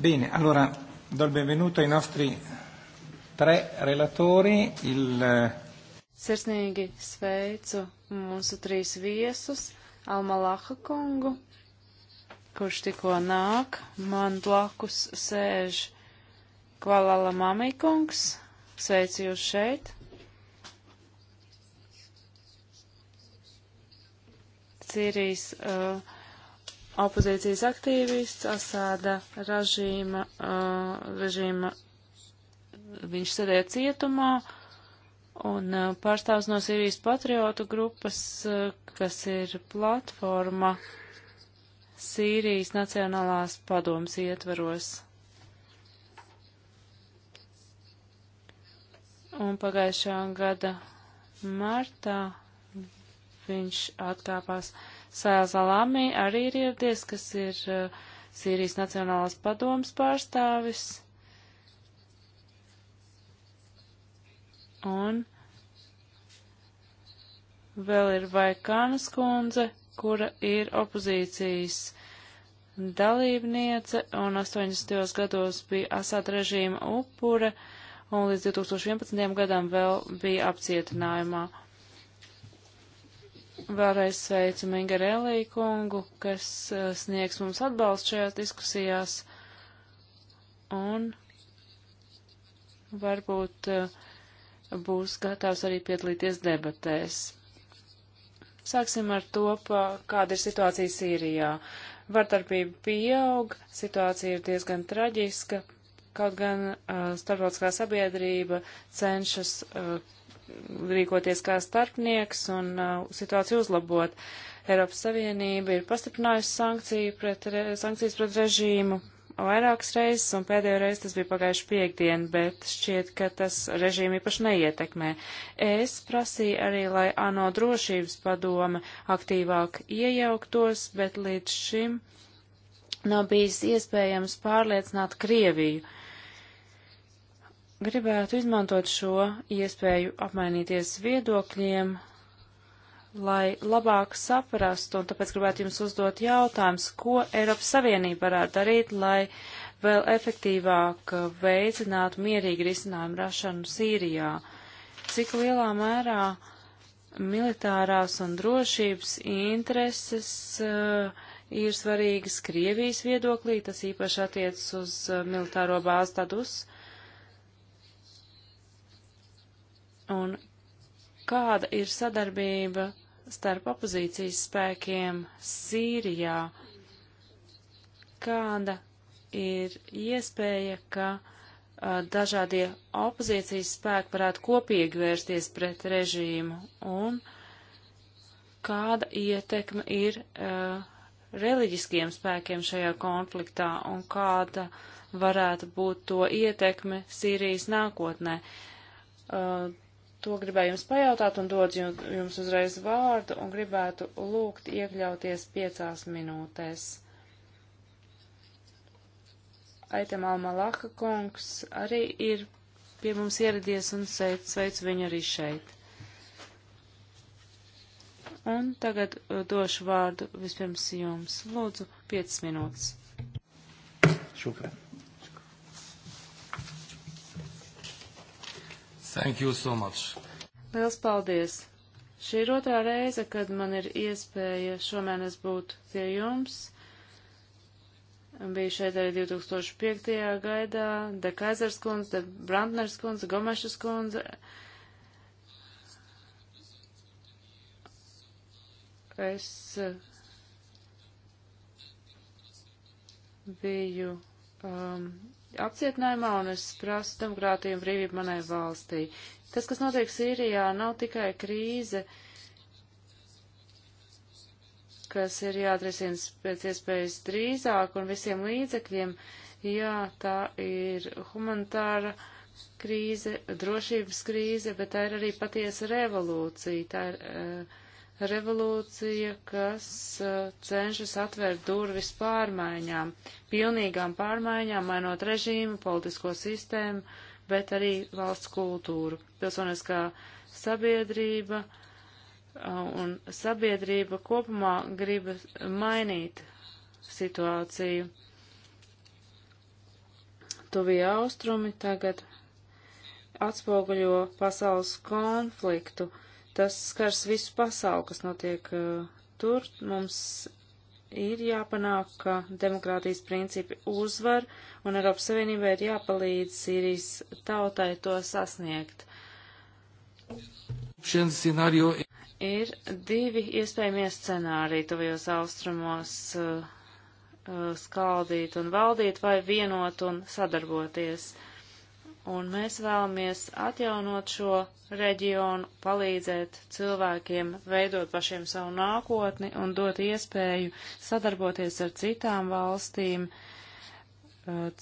Bene, allora do il benvenuto ai nostri tre relatori. Il... Sirsnīgi sveicu mūsu trīs viesus, Alma Laha kungu, kurš tikko nāk, man blakus sēž Kvalala Mamikungs, sveicu jūs šeit. Sirijas uh, opozīcijas aktīvists Asāda režīma, uh, režīma viņš sēdēja cietumā, un uh, pārstāvs no Sīrijas patriotu grupas, uh, kas ir platforma Sīrijas Nacionālās padomas ietvaros. Un pagājušā gada martā viņš atkāpās. Uh, Sāzalāmī arī ir ieradies, kas ir uh, Sīrijas Nacionālās padomas pārstāvis. Un vēl ir Vaikānas kundze, kura ir opozīcijas dalībniece un 80. gados bija Asad režīma upure un līdz 2011. gadam vēl bija apcietinājumā. Vēlreiz sveicu Mingarelī kungu, kas eh, sniegs mums atbalstu šajās diskusijās. Un varbūt eh, būs gatavs arī piedalīties debatēs. Sāksim ar to, pa, kāda ir situācija Sīrijā. Vardarbība pieaug, situācija ir diezgan traģiska, kaut gan uh, starptautiskā sabiedrība cenšas uh, rīkoties kā starpnieks un uh, situāciju uzlabot. Eiropas Savienība ir pastiprinājusi sankciju pret, re, sankcijas pret režīmu vairākas reizes, un pēdējo reizi tas bija pagājuši piekdien, bet šķiet, ka tas režīmu īpaši neietekmē. Es prasīju arī, lai ANO drošības padome aktīvāk iejauktos, bet līdz šim nav bijis iespējams pārliecināt Krieviju. Uh, gribētu izmantot šo iespēju apmainīties viedokļiem, lai labāk saprastu, un tāpēc gribētu jums uzdot jautājums, ko Eiropas Savienība varētu darīt, lai vēl efektīvāk veicinātu mierīgu risinājumu rašanu Sīrijā. Cik lielā mērā militārās un drošības intereses uh, ir svarīgas Krievijas viedoklī, tas īpaši attiecas uz uh, militāro bāzi tadus. Uh, Un kāda ir sadarbība starp opozīcijas spēkiem Sīrijā? Kāda ir iespēja, ka a, dažādie opozīcijas spēki varētu kopīgi vērsties pret režīmu? Un kāda ietekme ir a, reliģiskiem spēkiem šajā konfliktā un kāda varētu būt to ietekme Sīrijas nākotnē? Uh, To gribēju jums pajautāt un dod jums uzreiz vārdu un gribētu lūgt iekļauties piecās minūtēs. Aitam Almalaka kungs arī ir pie mums ieradies un sveicu viņu arī šeit. Un tagad uh, došu vārdu vispirms jums. Lūdzu, piecas minūtes. Šukrāt. Thank you so much. Liels paldies. Šī ir otrā reize, kad man ir iespēja šomēnes būt pie jums. Biju šeit arī 2005. gaidā, de Kaisers kundze, de Brandners kundze, Gomešas kundze. Es eh, biju um, apcietinājumā, un es prasu demokrātiju un brīvību manai valstī. Tas, kas notiek Sīrijā, nav tikai krīze, kas ir jāatrisina pēc iespējas drīzāk un visiem līdzekļiem. Jā, tā ir humanitāra krīze, drošības krīze, bet tā ir arī patiesa revolūcija. Tā ir, uh, revolūcija, kas uh, cenšas atvērt durvis pārmaiņām, pilnīgām pārmaiņām, mainot režīmu, politisko sistēmu, bet arī valsts kultūru. Pilsoniskā sabiedrība uh, un sabiedrība kopumā grib mainīt situāciju. Tuvie austrumi tagad atspoguļo pasaules konfliktu. Uh, Tas skars visu pasauli, kas notiek uh, tur. Mums ir jāpanāk, ka demokrātijas principi uzvar, un Eiropas Savienībai ir jāpalīdz Sīrijas tautai to sasniegt. Scenārio... Ir divi iespējamie scenāriji tuvajos austrumos uh, uh, skaldīt un valdīt vai vienot un sadarboties. Uh, un mēs vēlamies atjaunot šo reģionu, palīdzēt cilvēkiem veidot pašiem savu nākotni un dot iespēju sadarboties ar citām valstīm uh,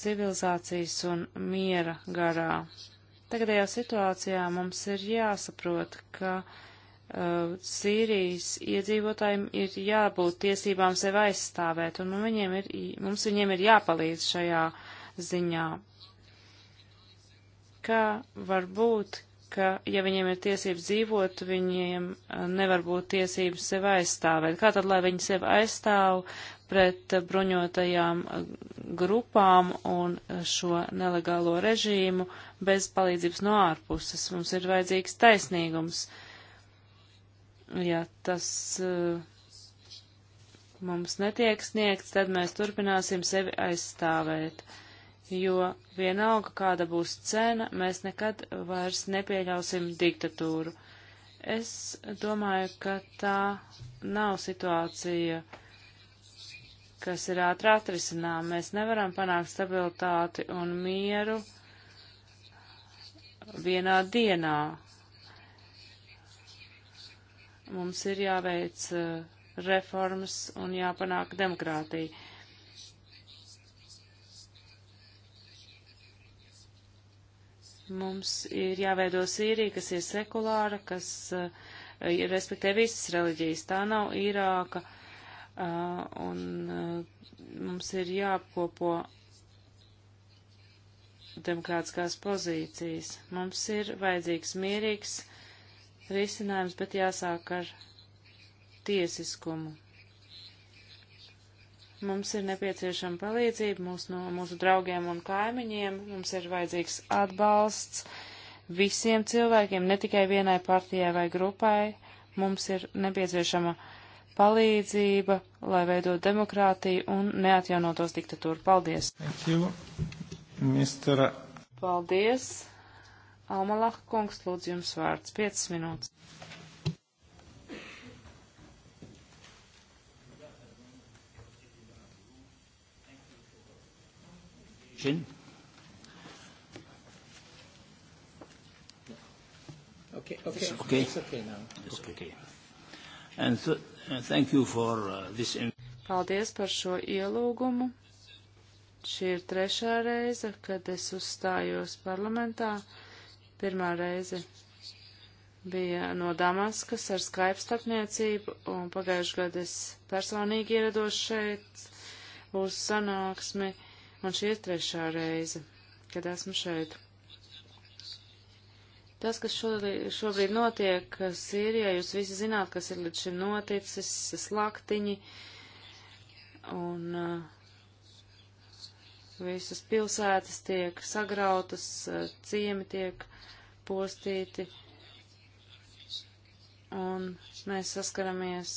civilizācijas un miera garā. Tagadējā situācijā mums ir jāsaprot, ka uh, Sīrijas iedzīvotājiem ir jābūt tiesībām sevi aizstāvēt, un viņiem ir, mums viņiem ir jāpalīdz šajā ziņā kā var būt, ka, ja viņiem ir tiesības dzīvot, viņiem eh, nevar būt tiesības sev aizstāvēt. Kā tad, lai viņi sev aizstāv pret eh, bruņotajām eh, grupām un šo nelegālo režīmu bez palīdzības no ārpuses? Mums ir vajadzīgs taisnīgums. Ja tas mums netiek sniegts, tad mēs turpināsim sevi aizstāvēt. Uh, jo vienalga, kāda būs cena, mēs nekad vairs nepieļausim diktatūru. Es domāju, ka tā nav situācija, kas ir ātri atrisinām. Mēs nevaram panākt stabilitāti un mieru vienā dienā. Mums ir jāveic eh, reformas un jāpanāk demokrātija. Mums ir jāveido Sīrija, kas ir sekulāra, kas uh, respektē visas reliģijas. Tā nav īrāka. Uh, eh, un uh, mums ir jāapkopo demokrātiskās pozīcijas. Mums ir vajadzīgs mierīgs risinājums, bet jāsāk ar tiesiskumu. Mums ir nepieciešama palīdzība mūs no mūsu draugiem un kaimiņiem, mums ir vajadzīgs atbalsts visiem cilvēkiem, ne tikai vienai partijai vai grupai. Mums ir nepieciešama palīdzība, lai veidot demokrātiju un neatjaunotos diktatūru. Paldies! You, Mister... Paldies! Almalaka kungs, lūdzu jums vārds. 5 minūtes. Jean? Okay, okay. It's okay. It's okay now. It's okay. okay. And th uh, thank you for uh, this. Paldies par šo ielūgumu. Šī ir trešā reize, kad es uzstājos parlamentā. Pirmā reize bija no Damaskas ar Skype starpniecību, un pagājušajā gadā es personīgi ierados šeit uz sanāksmi Un šī ir trešā reize, kad esmu šeit. Tas, kas šobrīd notiek Sīrijā, jūs visi zināt, kas ir līdz šim noticis, slaktiņi un uh, visas pilsētas tiek sagrautas, eh, ciemi tiek postīti un mēs saskaramies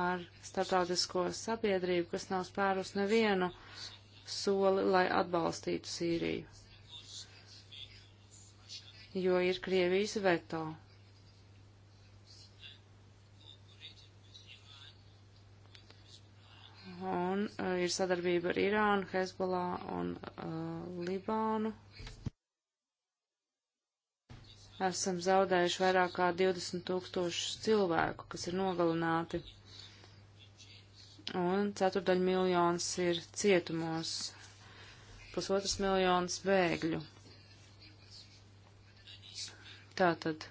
ar starptautisko sabiedrību, kas nav spērus nevienu soli, lai atbalstītu Sīriju, jo ir Krievijas veto. Un uh, ir sadarbība ar Irānu, Hezbollah un uh, Libānu esam zaudējuši vairāk kā 20 tūkstošu cilvēku, kas ir nogalināti. Un ceturdaļ miljons ir cietumos, pusotras miljonas bēgļu. Tātad.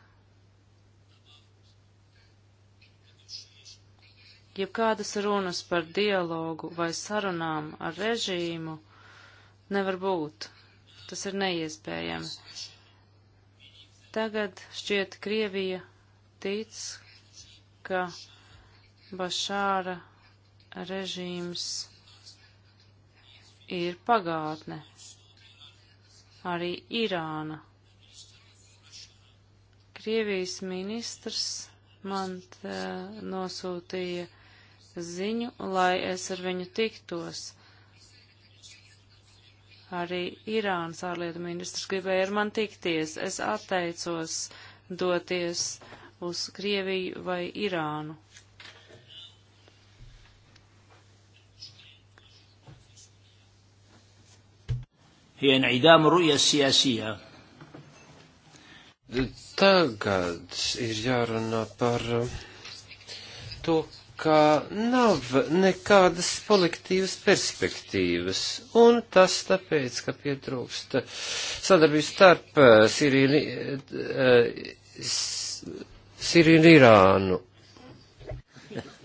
Ja kādas runas par dialogu vai sarunām ar režīmu nevar būt, tas ir neiespējami Tagad šķiet Krievija tic, ka Bašāra režīms ir pagātne. Arī Irāna. Krievijas ministrs man nosūtīja ziņu, lai es ar viņu tiktos. Arī Irānas ārlietu ministrs gribēja ar mani tikties. Es atteicos doties uz Krieviju vai Irānu. هي انعدام الرؤية السياسية Tagad ir jārunā par to, ka nav nekādas kolektīvas perspektīvas, un tas tāpēc, ka pietrūkst sadarbības starp eh, eh, Siriju un Irānu.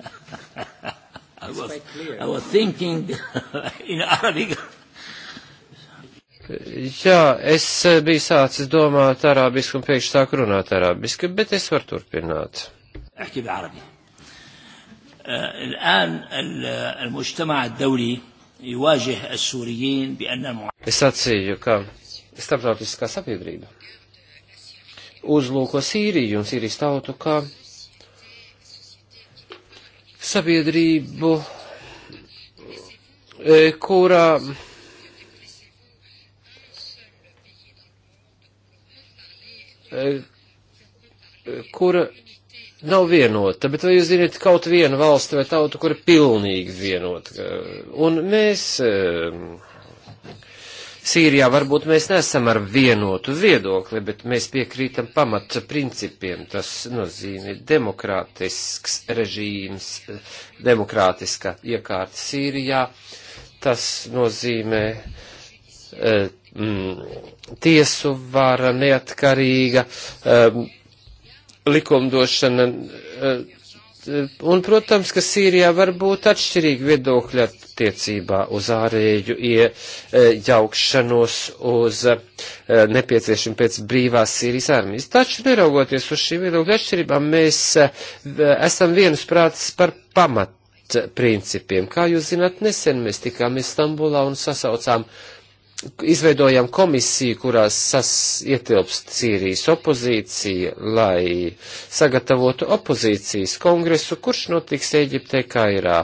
I was, I was thinking in Arabic. Jā, es eh, biju sācis domāt arābiski un pēkšņi sāku runāt arābiski, bet es varu turpināt. Ehkib arabi. الآن المجتمع الدولي يواجه السوريين بأن المعارضة Es sacīju, ka starptautiskā sabiedrība uzlūko Sīriju un Sīrijas tautu kā sabiedrību, e, kurā e, kura nav vienota, bet vai jūs zināt kaut vienu valsti vai tautu, kur ir pilnīgi vienota? Un mēs. Ehm, Sīrijā varbūt mēs nesam ar vienotu viedokli, bet mēs piekrītam pamata principiem. Tas nozīmē demokrātisks režīms, demokrātiska iekārta Sīrijā. Tas nozīmē e, mm, tiesu vara neatkarīga. E, likumdošana. Eh, un, protams, ka Sīrijā var būt atšķirīgi viedokļi attiecībā uz ārēju iejaukšanos, uz eh, nepieciešamību pēc brīvās Sīrijas armijas. Taču, neraugoties uz šīm viedokļu atšķirībām, mēs eh, esam vienusprātis par pamatu principiem. Kā jūs zināt, nesen mēs tikām Istambulā un sasaucām uh, izveidojam komisiju, kurās sas ietilpst Sīrijas opozīcija, lai sagatavotu opozīcijas kongresu, kurš notiks Eģiptē Kairā,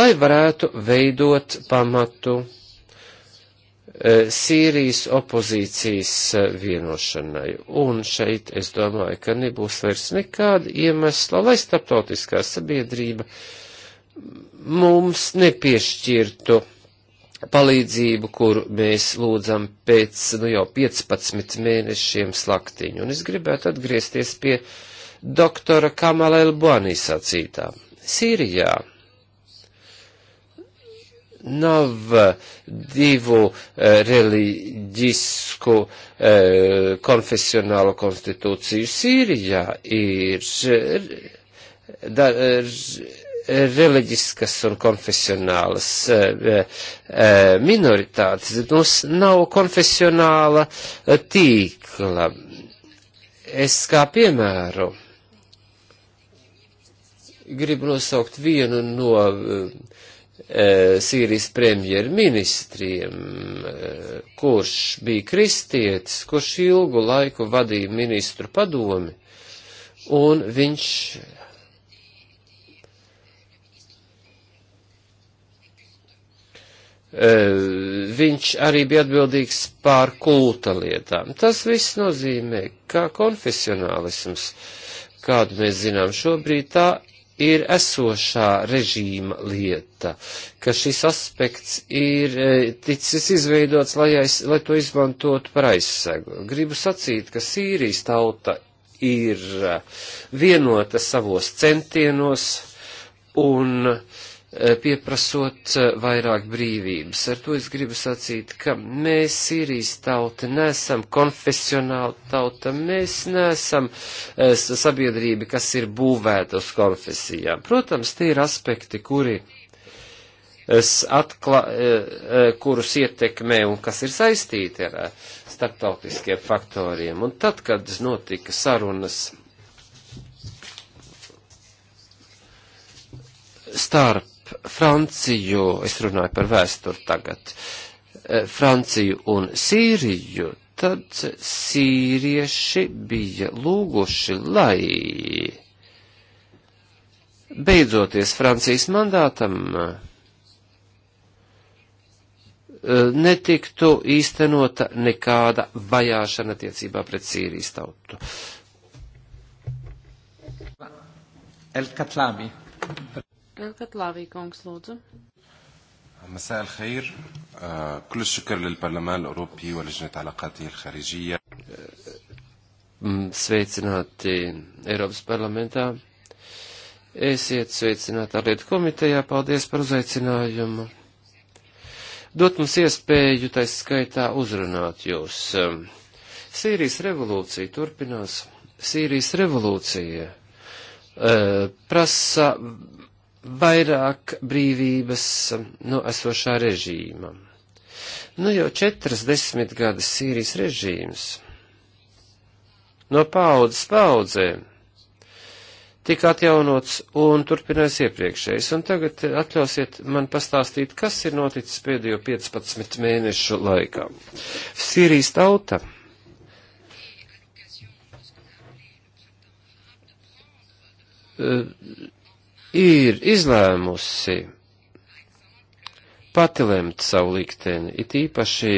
lai varētu veidot pamatu e, Sīrijas opozīcijas e, vienošanai. Un šeit es domāju, ka nebūs vairs nekāda iemesla, lai starptautiskā sabiedrība mums nepiešķirtu palīdzību, kuru mēs lūdzam pēc, nu jau 15 mēnešiem slaktiņu. Un es gribētu atgriezties pie doktora Kamala Elbani sacītā. Sīrijā nav divu eh, reliģisku eh, konfesionālu konstitūciju. Sīrijā ir eh, da, r, eh, reliģiskas un konfesionālas eh, eh, minoritātes. Mums nav konfesionāla eh, tīkla. Es kā piemēru gribu nosaukt vienu no Sīrijas premjerministriem, kurš bija kristietis, kurš ilgu laiku vadīja ministru padomi, un viņš E, viņš arī bija atbildīgs pār kulta lietām. Tas viss nozīmē, ka konfesionālisms, kādu mēs zinām šobrīd, tā ir esošā režīma lieta, ka šis aspekts ir e, ticis izveidots, lai, aiz, lai to izmantotu par aizsegu. Gribu sacīt, ka Sīrijas tauta ir e, vienota savos centienos un uh, Eh, pieprasot eh, vairāk brīvības. Ar to es gribu sacīt, ka mēs Sīrijas tauta nesam konfesionāla tauta, mēs nesam eh, sabiedrība, kas ir būvēta uz konfesijām. Protams, tie ir aspekti, kuri atklā, kurus ietekmē un kas ir saistīti ar starptautiskiem faktoriem. Un tad, kad notika sarunas starp starp Franciju, es runāju par vēsturi tagad, eh, Franciju un Sīriju, tad sīrieši bija lūguši, lai beidzoties Francijas mandātam eh, netiktu īstenota nekāda vajāšana attiecībā pret Sīrijas tautu. El Katlābi. Katlāvī kungs, lūdzu. مساء الخير كل الشكر للبرلمان الأوروبي ولجنة علاقاته الخارجية Sveicināti Eiropas parlamentā. Esiet sveicināti Lietu komitejā. Paldies par uzaicinājumu. Dot mums iespēju taisa skaitā uzrunāt jūs. Sīrijas revolūcija turpinās. Sīrijas revolūcija eh, prasa vairāk brīvības no nu, esošā režīma. Nu jau četras desmit gadas Sīrijas režīms no paudzes paudzē tika atjaunots un turpinās iepriekšējais. Un tagad atļausiet man pastāstīt, kas ir noticis pēdējo 15 mēnešu laikā. Sīrijas tauta uh, ir izlēmusi pati lemt savu likteni, it īpaši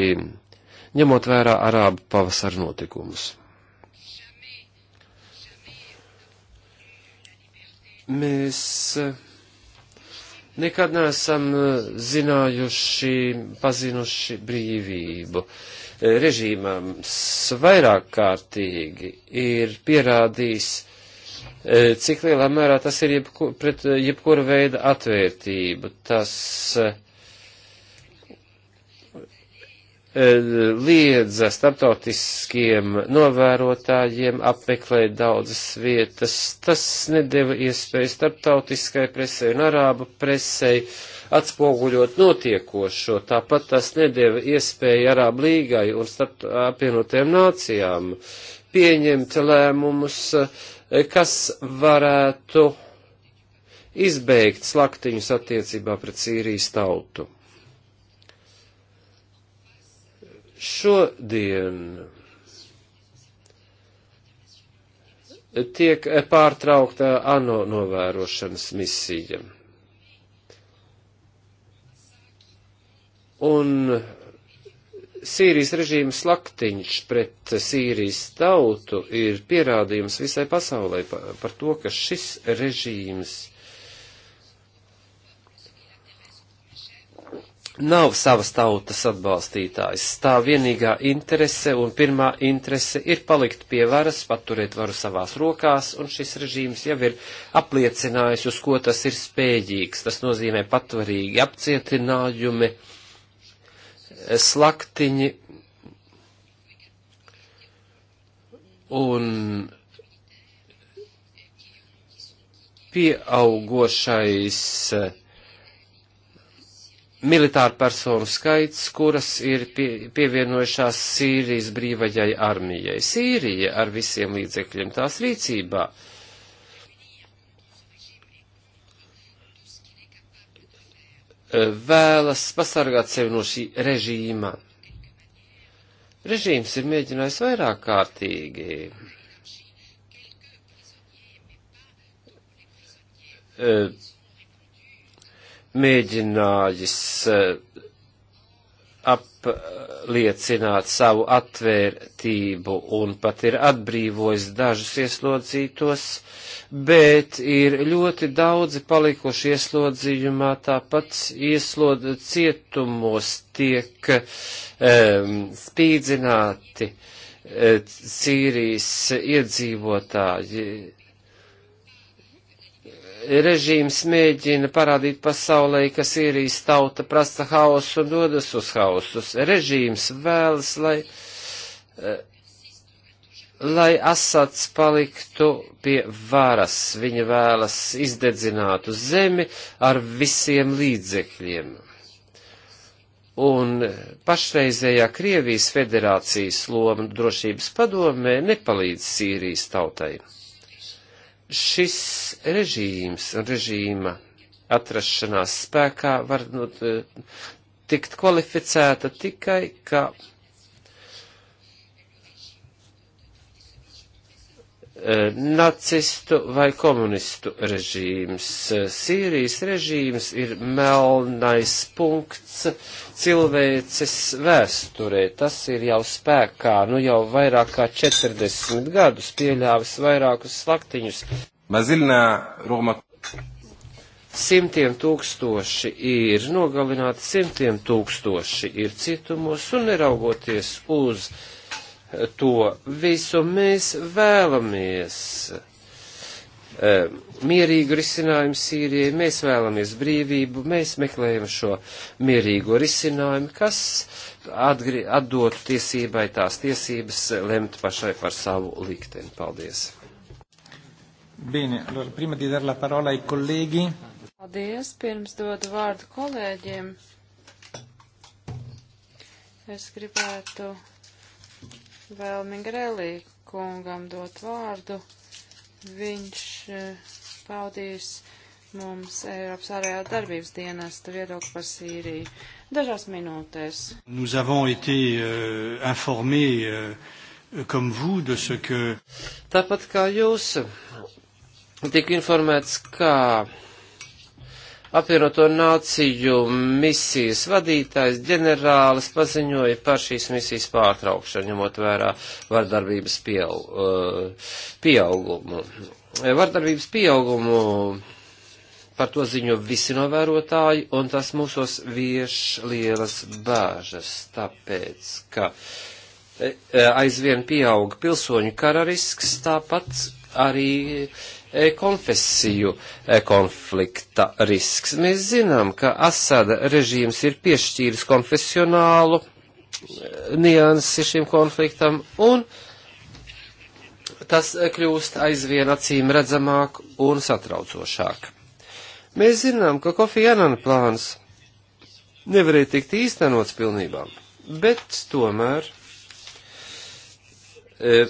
ņemot vērā arābu pavasara notikumus. Mēs eh, nekad neesam eh, zinājuši, pazinuši brīvību. Eh, Režīmams vairāk kārtīgi ir pierādījis, E, cik lielā mērā tas ir jebku, pret jebkura veida atvērtību. Tas e, liedza starptautiskiem novērotājiem apmeklēt daudzas vietas. Tas nedēva iespēju starptautiskai presē un arābu presē atspoguļot notiekošo. Tāpat tas nedēva iespēju arābu līgai un starp apvienotajām nācijām pieņemt lēmumus uh, kas varētu izbeigt slaktiņus attiecībā pret Sīrijas tautu. Šodien tiek pārtraukta ANO novērošanas misija. Un Sīrijas režīma slaktiņš pret Sīrijas tautu ir pierādījums visai pasaulē par to, ka šis režīms nav savas tautas atbalstītājs. Tā vienīgā interese un pirmā interese ir palikt pie varas, paturēt varu savās rokās, un šis režīms jau ir apliecinājis, uz ko tas ir spējīgs. Tas nozīmē patvarīgi apcietinājumi slaktiņi un pieaugošais eh, militāru personu skaits, kuras ir pie, pievienojušās Sīrijas brīvajai armijai. Sīrija ar visiem līdzekļiem tās rīcībā uh, vēlas pasargāt sevi no šī režīma. Režīms ir mēģinājis vairāk kārtīgi eh, mēģinājis eh, apliecināt savu atvērtību un pat ir atbrīvojis dažus ieslodzītos, bet ir ļoti daudzi palikuši ieslodzījumā, tāpat ieslod cietumos tiek um, spīdzināti uh, Sīrijas iedzīvotāji režīms mēģina parādīt pasaulē, ka Sīrijas tauta prasa hausu un dodas uz hausus. Režīms vēlas, lai, eh, lai Asats paliktu pie varas. Viņa vēlas izdedzināt uz zemi ar visiem līdzekļiem. Un pašreizējā Krievijas federācijas loma drošības padomē nepalīdz Sīrijas tautai. Šis režīms un režīma atrašanās spēkā var nu, tikt kvalificēta tikai kā Eh, nacistu vai komunistu režīms. Eh, Sīrijas režīms ir melnais punkts cilvēces vēsturē. Tas ir jau spēkā, nu jau vairāk kā 40 gadus pieļāvis vairākus slaktiņus. Mazilnā Roma. Simtiem tūkstoši ir nogalināti, simtiem tūkstoši ir cietumos un neraugoties uz uh, to visu mēs vēlamies. E, mierīgu risinājumu Sīrijai, mēs vēlamies brīvību, mēs meklējam šo mierīgo risinājumu, kas atgri, atdot tiesībai tās tiesības lemt pašai par savu likteni. Paldies! Bene, allora prima di dare la parola ai colleghi. Paldies, pirms dodu vārdu kolēģiem. Es gribētu vēl Mingrelī kungam dot vārdu. Viņš e, paudīs mums Eiropas ārējā darbības dienesta viedokli par Sīriju. Dažās minūtēs. Nous avons été euh, informés, euh, comme vous, de ce que... Tāpat kā jūs, tik informēts, kā... Ka apvienoto nāciju misijas vadītājs ģenerālis paziņoja par šīs misijas pārtraukšanu, ņemot vērā vardarbības pieaug, eh, pieaugumu. Vardarbības pieaugumu par to ziņo visi novērotāji, un tas mūsos vieš lielas bāžas, tāpēc, ka eh, aizvien pieauga pilsoņu kara risks, tāpat arī uh, E, konfesiju e, konflikta risks. Mēs zinām, ka Asada režīms ir piešķīris konfesionālu e, niansi šim konfliktam, un tas kļūst aizvien acīm redzamāk un satraucošāk. Mēs zinām, ka Kofi Anana plāns nevarēja tikt īstenots pilnībā, bet tomēr e,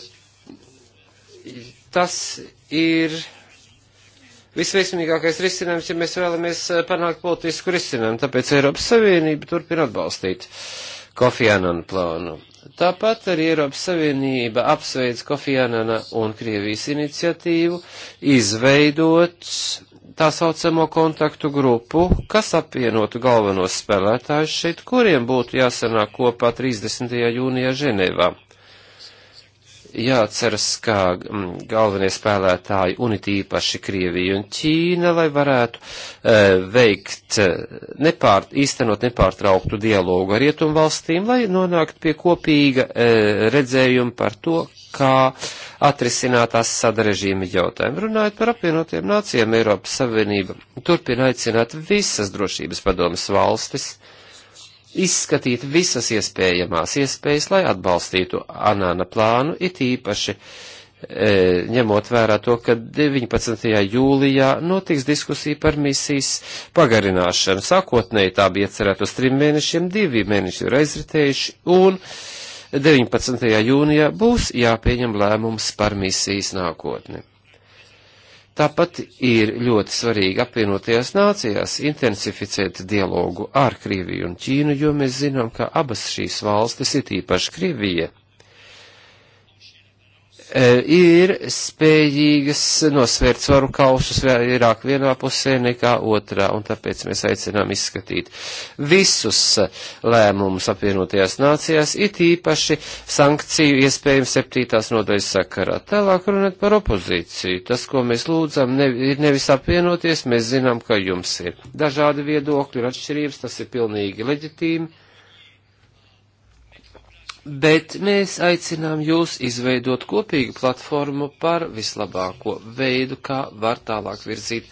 tas ir visveiksmīgākais risinājums, ja mēs vēlamies eh, panākt politisku risinājumu. Tāpēc Eiropas Savienība turpina atbalstīt Kofi Ananu plānu. Tāpat arī Eiropas Savienība apsveic Kofi Anana un Krievijas iniciatīvu izveidot tā saucamo kontaktu grupu, kas apvienotu galvenos spēlētājus šeit, kuriem būtu jāsanāk kopā 30. jūnijā Ženevā jāceras, kā mm, galvenie spēlētāji un it īpaši Krievija un Ķīna, lai varētu e, veikt, e, nepār, īstenot nepārtrauktu dialogu ar rietumvalstīm, lai nonāktu pie kopīga e, redzējuma par to, kā atrisināt asada režīma jautājumu. Runājot par apvienotiem nācijām, Eiropas Savienība turpina aicināt visas drošības padomas valstis izskatīt visas iespējamās iespējas, lai atbalstītu Anāna plānu, it īpaši e, ņemot vērā to, ka 19. jūlijā notiks diskusija par misijas pagarināšanu. Sākotnēji tā bija cerēta uz trim mēnešiem, divi mēneši ir aizritējuši, un 19. jūnijā būs jāpieņem lēmums par misijas nākotni. Tāpat ir ļoti svarīgi apvienotajās nācijās intensificēt dialogu ar Krieviju un Ķīnu, jo mēs zinām, ka abas šīs valstis, it īpaši Krievija, E, ir spējīgas nosvērt svaru kausus vairāk vienā pusē nekā otrā, un tāpēc mēs aicinām izskatīt visus lēmumus apvienotajās nācijās, it īpaši sankciju iespējams septītās nodaļas sakarā. Tālāk runāt par opozīciju. Tas, ko mēs lūdzam, ne, ir nevis apvienoties, mēs zinām, ka jums ir dažādi viedokļi un atšķirības, tas ir pilnīgi leģitīmi bet mēs aicinām jūs izveidot kopīgu platformu par vislabāko veidu, kā var tālāk virzīt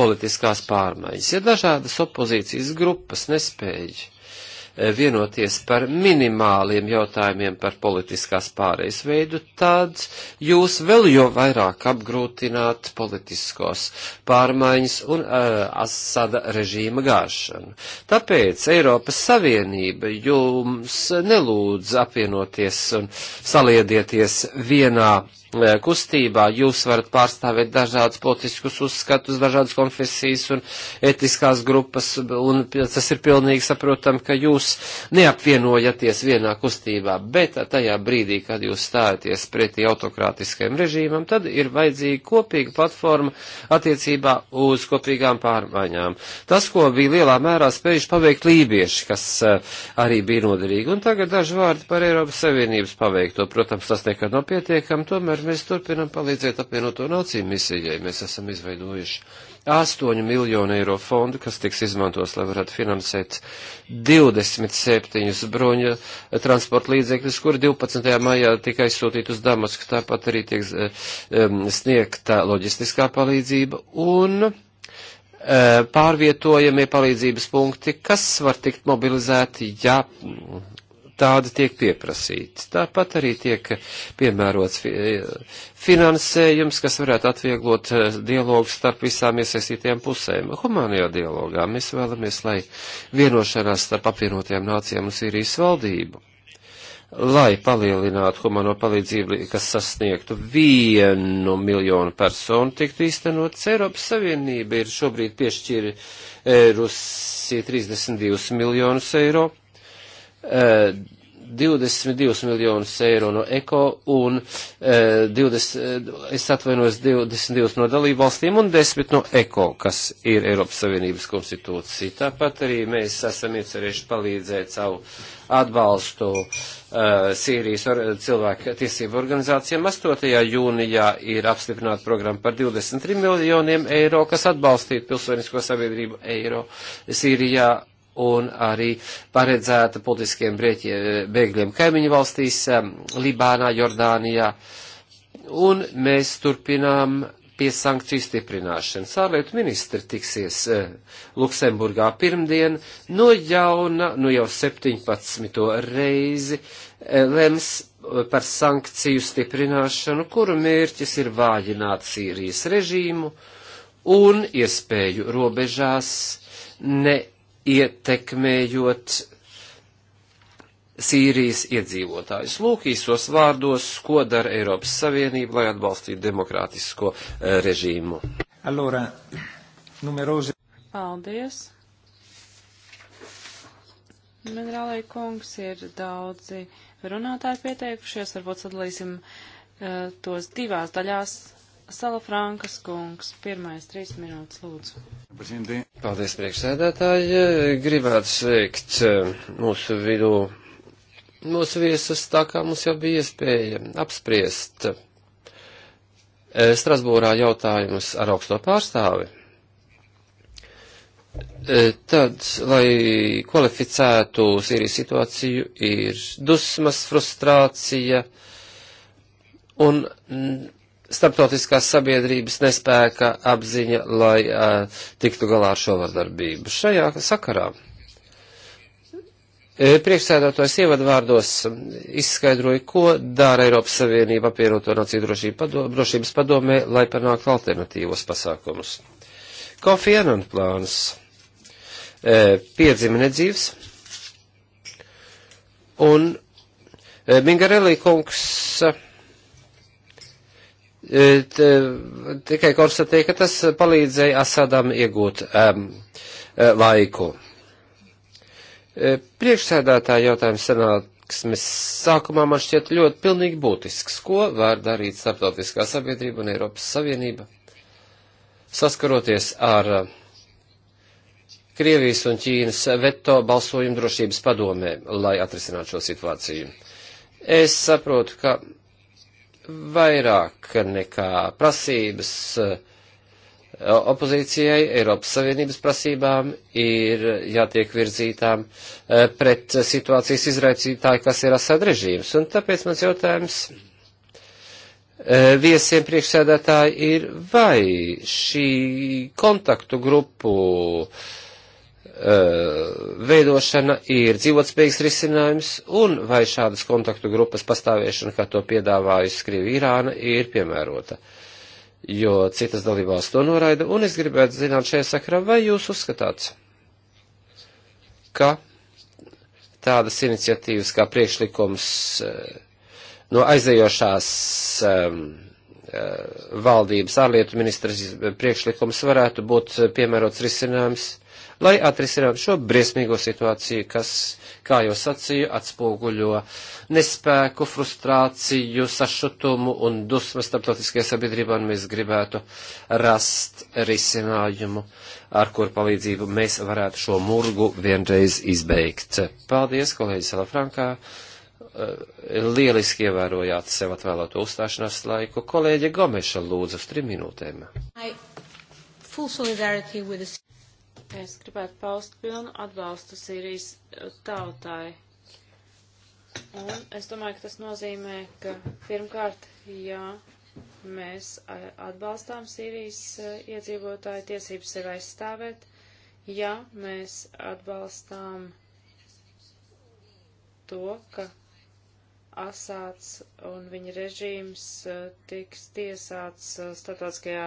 politiskās pārmaiņas. Ja dažādas opozīcijas grupas nespēja E, vienoties par minimāliem jautājumiem par politiskās pārejas veidu, tad jūs vēl jau vairāk apgrūtināt politiskos pārmaiņas un uh, Asada režīma gāšanu. Tāpēc Eiropas Savienība jums nelūdz apvienoties un saliedieties vienā kustībā jūs varat pārstāvēt dažādus politiskus uzskatus, dažādas konfesijas un etiskās grupas, un tas ir pilnīgi saprotam, ka jūs neapvienojaties vienā kustībā, bet tajā brīdī, kad jūs stājaties pretī autokrātiskajam režīmam, tad ir vajadzīga kopīga platforma attiecībā uz kopīgām pārmaiņām. Tas, ko bija lielā mērā spējuši paveikt lībieši, kas eh, arī bija noderīgi, un tagad daži vārdi par Eiropas Savienības paveikto, protams, tas nekad nav pietiekami, tomēr tomēr mēs turpinam palīdzēt apvienoto nāciju misijai. Mēs esam izveidojuši 8 miljonu eiro fondu, kas tiks izmantos, lai varētu finansēt 27 bruņa transporta līdzekļus, kuri 12. maijā tika aizsūtīti uz Damasku. Tāpat arī tiek um, sniegta loģistiskā palīdzība un eh, pārvietojamie palīdzības punkti, kas var tikt mobilizēti, ja tādi tiek pieprasīti. Tāpat arī tiek piemērots finansējums, kas varētu atvieglot eh, dialogu starp visām iesaistītajām pusēm. Humānajā dialogā mēs vēlamies, lai vienošanās starp apvienotajām nācijām un Sīrijas valdību lai palielinātu humano palīdzību, kas sasniegtu vienu miljonu personu, tiktu īstenots Eiropas Savienība ir šobrīd piešķīrusi 32 eh, miljonus eiro 22 eh, miljonus eiro no ECO un e, eh, 20, eh, es atvainojos 22 no dalību valstīm un 10 no ECO, kas ir Eiropas Savienības konstitūcija. Tāpat arī mēs esam iecerējuši palīdzēt savu atbalstu e, Sīrijas or, cilvēku tiesību organizācijām. 8. jūnijā ir apstiprināta programma par 23 miljoniem eiro, kas atbalstītu pilsonisko sabiedrību eiro Sīrijā un arī paredzēta politiskiem brieķie, eh, bēgļiem kaimiņu valstīs, Libānā, Jordānijā. Un mēs turpinām pie sankciju stiprināšanas. Ārlietu ministri tiksies eh, Luksemburgā pirmdien, no jauna, nu jau 17. reizi, eh, lems par sankciju stiprināšanu, kuru mērķis ir vājināt Sīrijas režīmu un iespēju robežās ne ietekmējot Sīrijas iedzīvotājus. Lūk, īsos vārdos, ko dara Eiropas Savienība, lai atbalstītu demokrātisko eh, režīmu. Allora, numerosi. Paldies. Minerālai kungs ir daudzi runātāji pieteikušies, varbūt sadalīsim uh, tos divās daļās. Salafrankas kungs, pirmais trīs minūtes lūdzu. Presidente, Paldies, priekšsēdētāji. Gribētu sveikt eh, mūsu vidū mūsu viesus, tā kā mums jau bija iespēja apspriest eh, Strasbūrā jautājumus ar augsto pārstāvi. Eh, tad, lai kvalificētu Sīrijas situāciju, ir dusmas, frustrācija un starptautiskās sabiedrības nespēka apziņa, lai uh, tiktu galā ar šo vardarbību. Šajā sakarā priekšsēdētājs ievadvārdos izskaidroja, ko dara Eiropas Savienība apvienoto nāciju drošības padomē, lai panāktu alternatīvos pasākumus. Kofi Annan plāns e, piedzima nedzīvs, un e, Mingarelli kungs e, E, t, tikai konstatēja, ka tas palīdzēja Asadam iegūt um, laiku. E, priekšsēdētāja jautājums sanāksmes sākumā man šķiet ļoti pilnīgi būtisks. Ko var darīt starptautiskā sabiedrība un Eiropas Savienība saskaroties ar Krievijas un Ķīnas veto balsojumu drošības padomē, lai atrisinātu šo situāciju? Es saprotu, ka vairāk nekā prasības eh, opozīcijai, Eiropas Savienības prasībām ir jātiek virzītām eh, pret situācijas izraicītāju, kas ir Asad režīms. Un tāpēc mans jautājums eh, viesiem priekšsēdētāji ir, vai šī kontaktu grupu uh, Eh, veidošana ir dzīvotspējīgs risinājums, un vai šādas kontaktu grupas pastāviešana, kā to piedāvājusi Krievija Irāna, ir piemērota. Jo citas dalībās to noraida, un es gribētu zināt šajā sakarā, vai jūs uzskatāt, ka tādas iniciatīvas kā priekšlikums eh, no aizējošās um, valdības ārlietu ministras priekšlikums varētu būt piemērots risinājums lai atrisinātu šo briesmīgo situāciju, kas, kā jau sacīju, atspoguļo nespēku, frustrāciju, sašutumu un dusmas starptautiskajā sabiedrībā, un mēs gribētu rast risinājumu, ar kur palīdzību mēs varētu šo murgu vienreiz izbeigt. Paldies, kolēģi Salafrankā! Eh, lieliski ievērojāt sev atvēlēto uzstāšanās laiku. Kolēģe Gomeša lūdzu uz trim minūtēm. Es gribētu paust pilnu atbalstu Sīrijas tautai. Un es domāju, ka tas nozīmē, ka pirmkārt, jā, mēs atbalstām Sīrijas iedzīvotāju tiesības sevi aizstāvēt, ja mēs atbalstām to, ka Asāds un viņa režīms tiks tiesāts starptautiskajā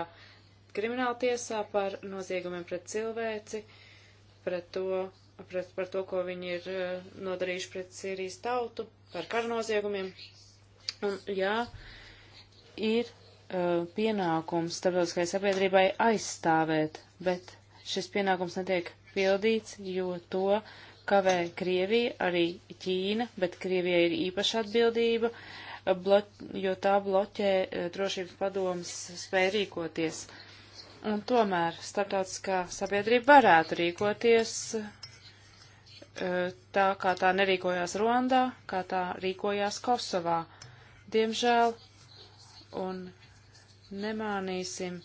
krimināla tiesā par noziegumiem pret cilvēci, pret to, pret, par to, ko viņi ir eh, nodarījuši pret Sīrijas tautu, par karu noziegumiem. Un, jā, ir uh, pienākums starptautiskai sabiedrībai aizstāvēt, bet šis pienākums netiek pildīts, jo to kavē Krievija, arī Ķīna, bet Krievijai ir īpaša atbildība, eh, bloķ, jo tā bloķē drošības padomas spēju rīkoties. Uh, Un tomēr starptautiskā sabiedrība varētu rīkoties eh, tā, kā tā nerīkojās Rondā, kā tā rīkojās Kosovā. Diemžēl, un nemānīsim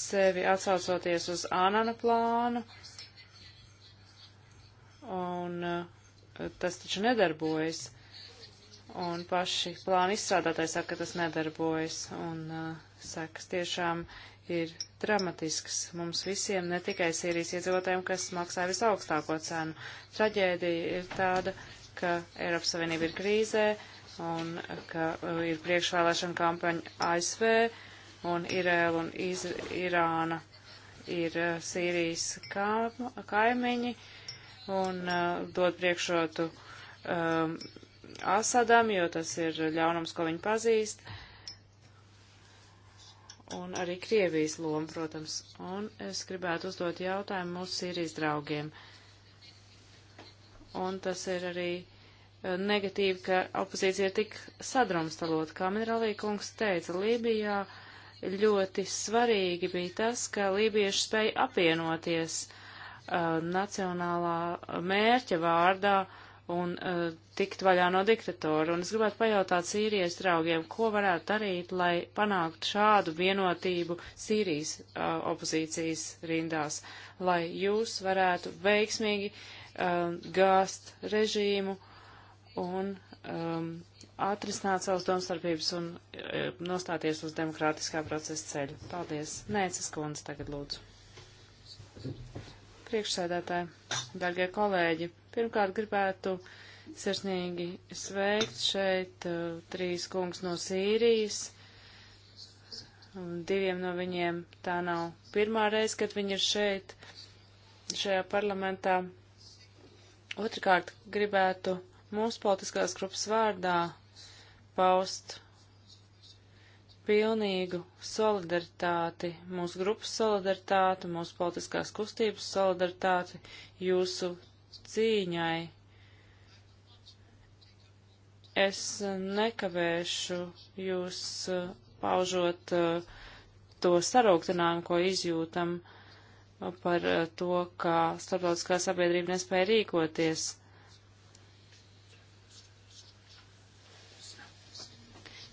sevi atsaucoties uz Anana plānu, un eh, tas taču nedarbojas. Un paši plāna izstrādātāji saka, ka tas nedarbojas, un uh, sekas tiešām ir dramatisks mums visiem, ne tikai Sīrijas iedzīvotājiem, kas maksā visaugstāko cenu. Traģēdija ir tāda, ka Eiropas Savienība ir krīzē un ka uh, ir priekšvēlēšana kampaņa ASV un Irēla un Iz Irāna ir uh, Sīrijas kā kaimiņi un uh, dod priekšrotu um, Asadam, jo tas ir ļaunums, ko viņi pazīst. Uh, un arī Krievijas loma, protams. Un es gribētu uzdot jautājumu mūsu Sīrijas draugiem. Un tas ir arī eh, negatīvi, ka opozīcija ir tik sadrumstalot, kā minerālī kungs teica, Lībijā ļoti svarīgi bija tas, ka lībieši spēja apvienoties uh, nacionālā mērķa vārdā uh, un uh, tikt vaļā no diktatora. Un es gribētu pajautāt Sīrijas draugiem, ko varētu darīt, lai panāktu šādu vienotību Sīrijas uh, opozīcijas rindās, lai jūs varētu veiksmīgi uh, eh, gāst režīmu un um, atrisināt savas domstarpības un uh, nostāties uz demokrātiskā procesa ceļu. Paldies. Nēcas kundze tagad lūdzu. Priekšsēdētāji, dargie kolēģi, pirmkārt gribētu sirsnīgi sveikt šeit uh, trīs kungs no Sīrijas. Diviem no viņiem tā nav pirmā reize, kad viņi ir šeit, šajā parlamentā. Otrakārt gribētu mūsu politiskās grupas vārdā paust pilnīgu solidaritāti, mūsu grupas solidaritāti, mūsu politiskās kustības solidaritāti jūsu cīņai. Es nekavēšu jūs uh, paužot uh, to sarūktinājumu, ko izjūtam uh, par to, kā starptautiskā sabiedrība nespēja rīkoties.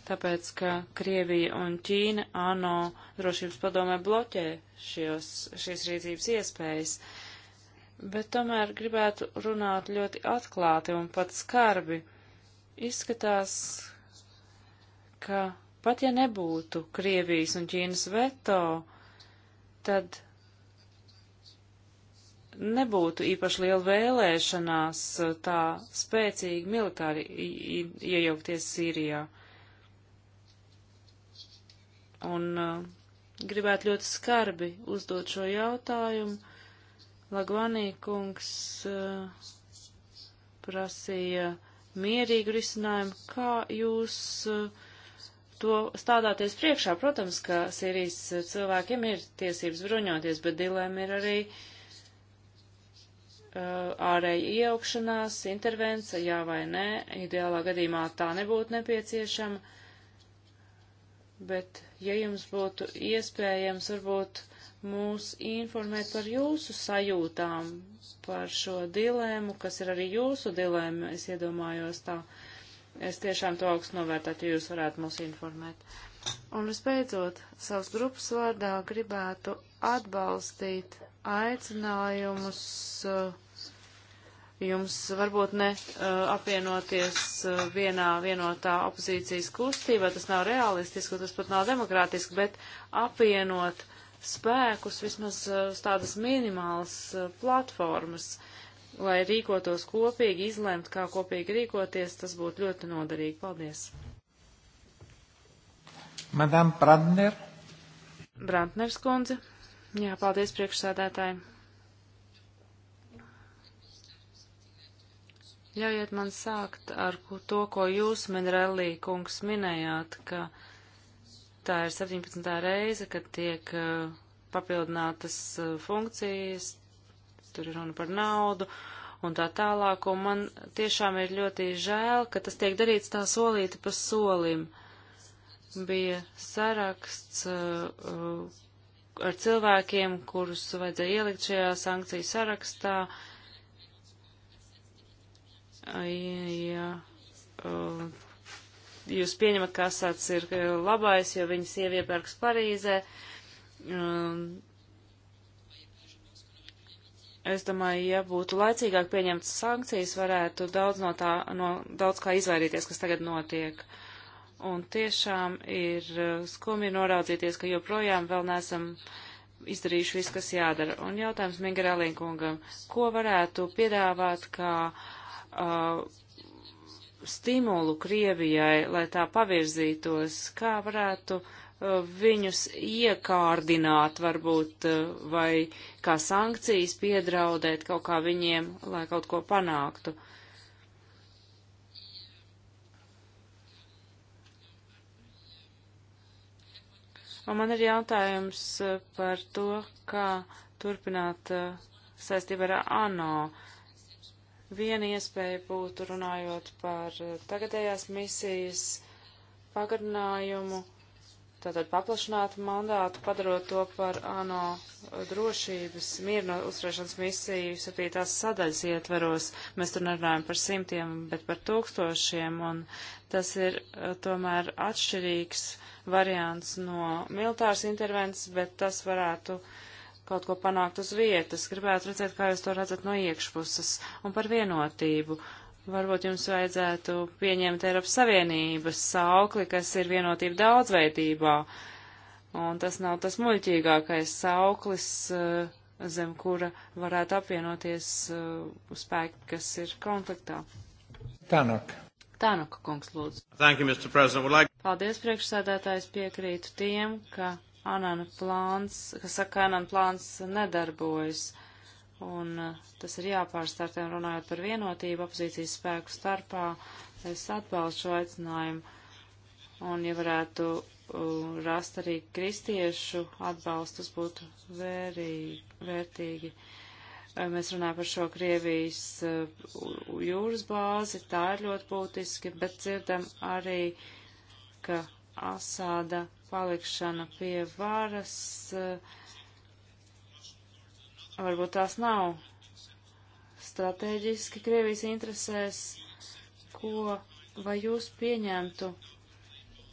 tāpēc, ka Krievija un Ķīna ANO drošības padomē bloķē šios, šīs rīcības iespējas. Bet tomēr gribētu runāt ļoti atklāti un pat skarbi. Izskatās, ka pat ja nebūtu Krievijas un Ķīnas veto, tad nebūtu īpaši liela vēlēšanās tā spēcīgi militāri iejaukties Sīrijā. Un uh, gribētu ļoti skarbi uzdot šo jautājumu. Lagvanī kungs uh, prasīja mierīgu risinājumu, kā jūs uh, to stādāties priekšā. Protams, ka Sīrijas uh, cilvēkiem ir tiesības bruņoties, bet dilēma ir arī uh, ārēja iejaukšanās, intervence, jā vai nē. Ideālā gadījumā tā nebūtu nepieciešama bet ja jums būtu iespējams varbūt mūs informēt par jūsu sajūtām, par šo dilēmu, kas ir arī jūsu dilēma, es iedomājos tā. Es tiešām to augstu novērtētu, ja jūs varētu mūs informēt. Un visbeidzot, savas grupas vārdā gribētu atbalstīt aicinājumus uh, Jums varbūt ne eh, apvienoties eh, vienā vienotā opozīcijas kustībā, tas nav realistiski, tas pat nav demokrātiski, bet apvienot spēkus vismaz eh, uz tādas minimālas platformas, lai rīkotos kopīgi, izlemt, kā kopīgi rīkoties, tas būtu ļoti noderīgi. Paldies! Madame Brandner. Brandners kundze. Jā, paldies priekšsēdētājiem. Ļaujiet man sākt ar to, ko jūs, Minrellī kungs, minējāt, ka tā ir 17. reize, kad tiek uh, papildinātas uh, funkcijas, tur ir runa par naudu un tā tālāk, un man tiešām ir ļoti žēl, ka tas tiek darīts tā solīti pa solim. Bija saraksts uh, uh ar cilvēkiem, kurus vajadzēja ielikt šajā sankciju sarakstā, uh, ja uh, jūs pieņemat, ka Asats ir uh, labais, jo viņas ieviepērks Parīzē, um, es domāju, ja būtu laicīgāk pieņemts sankcijas, varētu daudz no tā, no daudz kā izvairīties, kas tagad notiek. Un tiešām ir uh, skumji noraudzīties, ka joprojām vēl nesam izdarījuši visu, kas jādara. Un jautājums Mingarelīnkungam, ko varētu piedāvāt kā uh, uh, stimulu Krievijai, lai tā pavirzītos, kā varētu uh, viņus iekārdināt varbūt uh, vai kā sankcijas piedraudēt kaut kā viņiem, lai kaut ko panāktu. Un man ir jautājums uh, par to, kā turpināt uh, saistībā ar ANO. Uh, Viena iespēja būtu runājot par eh, tagadējās misijas pagarinājumu, tātad paplašināt mandātu, padarot to par ANO drošības mierno uzturēšanas misiju septītās sadaļas ietveros. Mēs tur nerunājam par simtiem, bet par tūkstošiem, un tas ir eh, tomēr atšķirīgs variants no militāras intervences, bet tas varētu uh, kaut ko panākt uz vietas. Gribētu redzēt, kā jūs to redzat no iekšpuses un par vienotību. Varbūt jums vajadzētu pieņemt Eiropas Savienības saukli, kas ir vienotība daudzveidībā. Un tas nav tas muļķīgākais sauklis, eh, zem kura varētu apvienoties eh, spēki, kas ir konfliktā. Tanok. Tanok, kungs, lūdzu. Thank you, Mr. President. Would like... Paldies, priekšsēdētājs, piekrītu tiem, ka Anana plāns, kas saka, ka Anana plāns nedarbojas. Un uh, tas ir jāpārstartē, un runājot par vienotību opozīcijas spēku starpā, es atbalstu šo aicinājumu. Un, ja varētu uh, rast arī kristiešu atbalstu, tas būtu vērīgi, vērtīgi. Uh, mēs runājam par šo Krievijas uh, jūras bāzi, tā ir ļoti būtiski, bet dzirdam arī, ka Asāda palikšana pie varas, eh, varbūt tās nav strateģiski Krievijas interesēs, ko vai jūs pieņemtu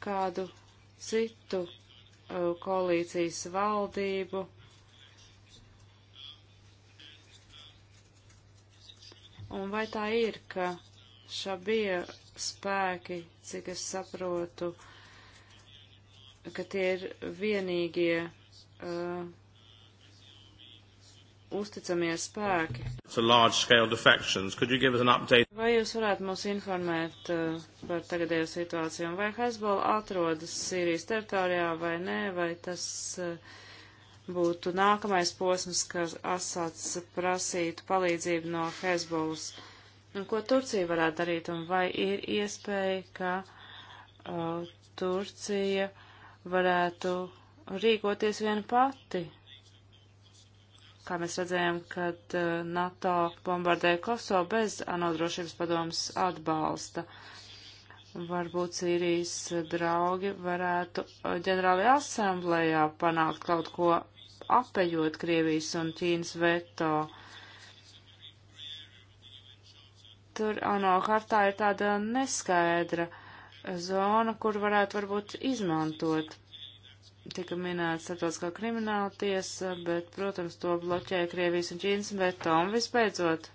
kādu citu eh, koalīcijas valdību? Un vai tā ir, ka šabie spēki, cik es saprotu, uh, ka tie ir vienīgie uh, uzticamie spēki. Vai jūs varētu mūs informēt uh, par tagadējo situāciju, vai Hezbollah atrodas Sīrijas teritorijā vai nē, vai tas uh, būtu nākamais posms, ka Asats prasītu palīdzību no Hezbollas? Un ko Turcija varētu darīt, un vai ir iespēja, ka uh, Turcija uh, varētu rīkoties viena pati. Kā mēs redzējām, kad eh, NATO bombardēja Kosovu bez ANO drošības padomas atbalsta. Varbūt Sīrijas draugi varētu eh, ģenerālajā asamblējā panākt kaut ko apējot Krievijas un Ķīnas veto. Tur ANO hartā ir tāda neskaidra zona, kur varētu varbūt izmantot. Tika minēta starptautiskā krimināla tiesa, bet, protams, to bloķēja Krievijas un Ķīnas, bet Tom visbeidzot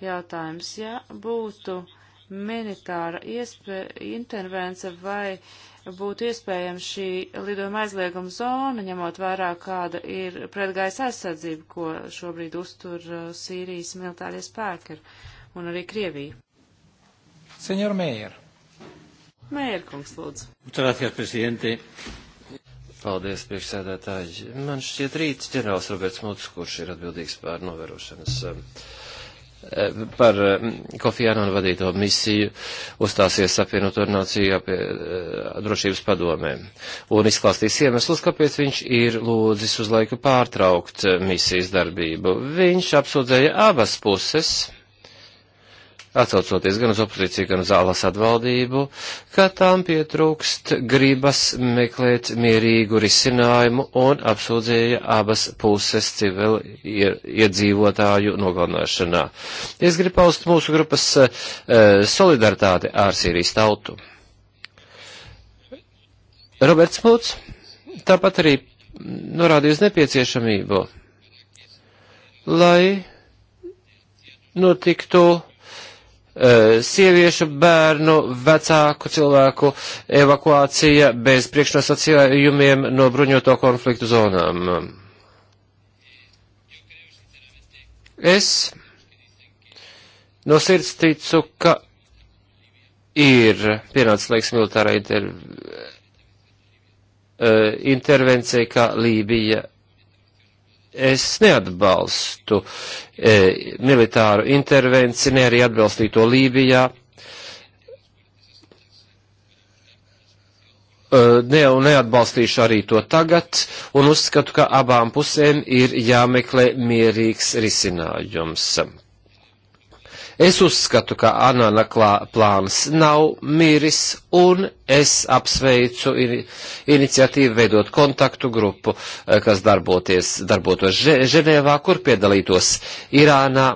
jautājums, ja būtu militāra intervence vai būtu iespējams šī lidojuma aizlieguma zona, ņemot vērā, kāda ir pretgaisa aizsardzība, ko šobrīd uztur uh, Sīrijas militārie spēki un arī Krievija. Senjor Mējer. Mērkungs, lūdzu. Grāciās, prezidente. Paldies, priekšsēdētāji. Man šķiet rīts ģenerālis Roberts Mūts, kurš ir atbildīgs par novērošanas, um, eh, par um, Kofiānu vadīto misiju, uzstāsies apvienoto nāciju apie eh, drošības padomē un izklāstīs iemeslus, kāpēc viņš ir lūdzis uz laiku pārtraukt eh, misijas darbību. Viņš apsūdzēja abas puses atcaucoties gan uz opozīciju, gan uz ālas atvaldību, ka tām pietrūkst gribas meklēt mierīgu risinājumu un apsūdzēja abas puses civil iedzīvotāju nogalināšanā. Es gribu paust mūsu grupas e, solidaritāti ar Sīrijas tautu. Roberts Mūts tāpat arī norādīja uz nepieciešamību, lai notiktu Eh, sieviešu, bērnu, vecāku cilvēku evakuācija bez priekšnosacījumiem no bruņoto konfliktu zonām. Es no sirds ticu, ka ir pienācis laiks militārai eh, intervencijai, kā Lībija es neatbalstu e, militāru intervenciju, ne arī atbalstīto Lībijā. E, ne, neatbalstīšu arī to tagad, un uzskatu, ka abām pusēm ir jāmeklē mierīgs risinājums. Es uzskatu, ka Anana plāns nav miris, un es apsveicu in iniciatīvu veidot kontaktu grupu, eh, kas darboties, darbotos Ženēvā, kur piedalītos Irānā,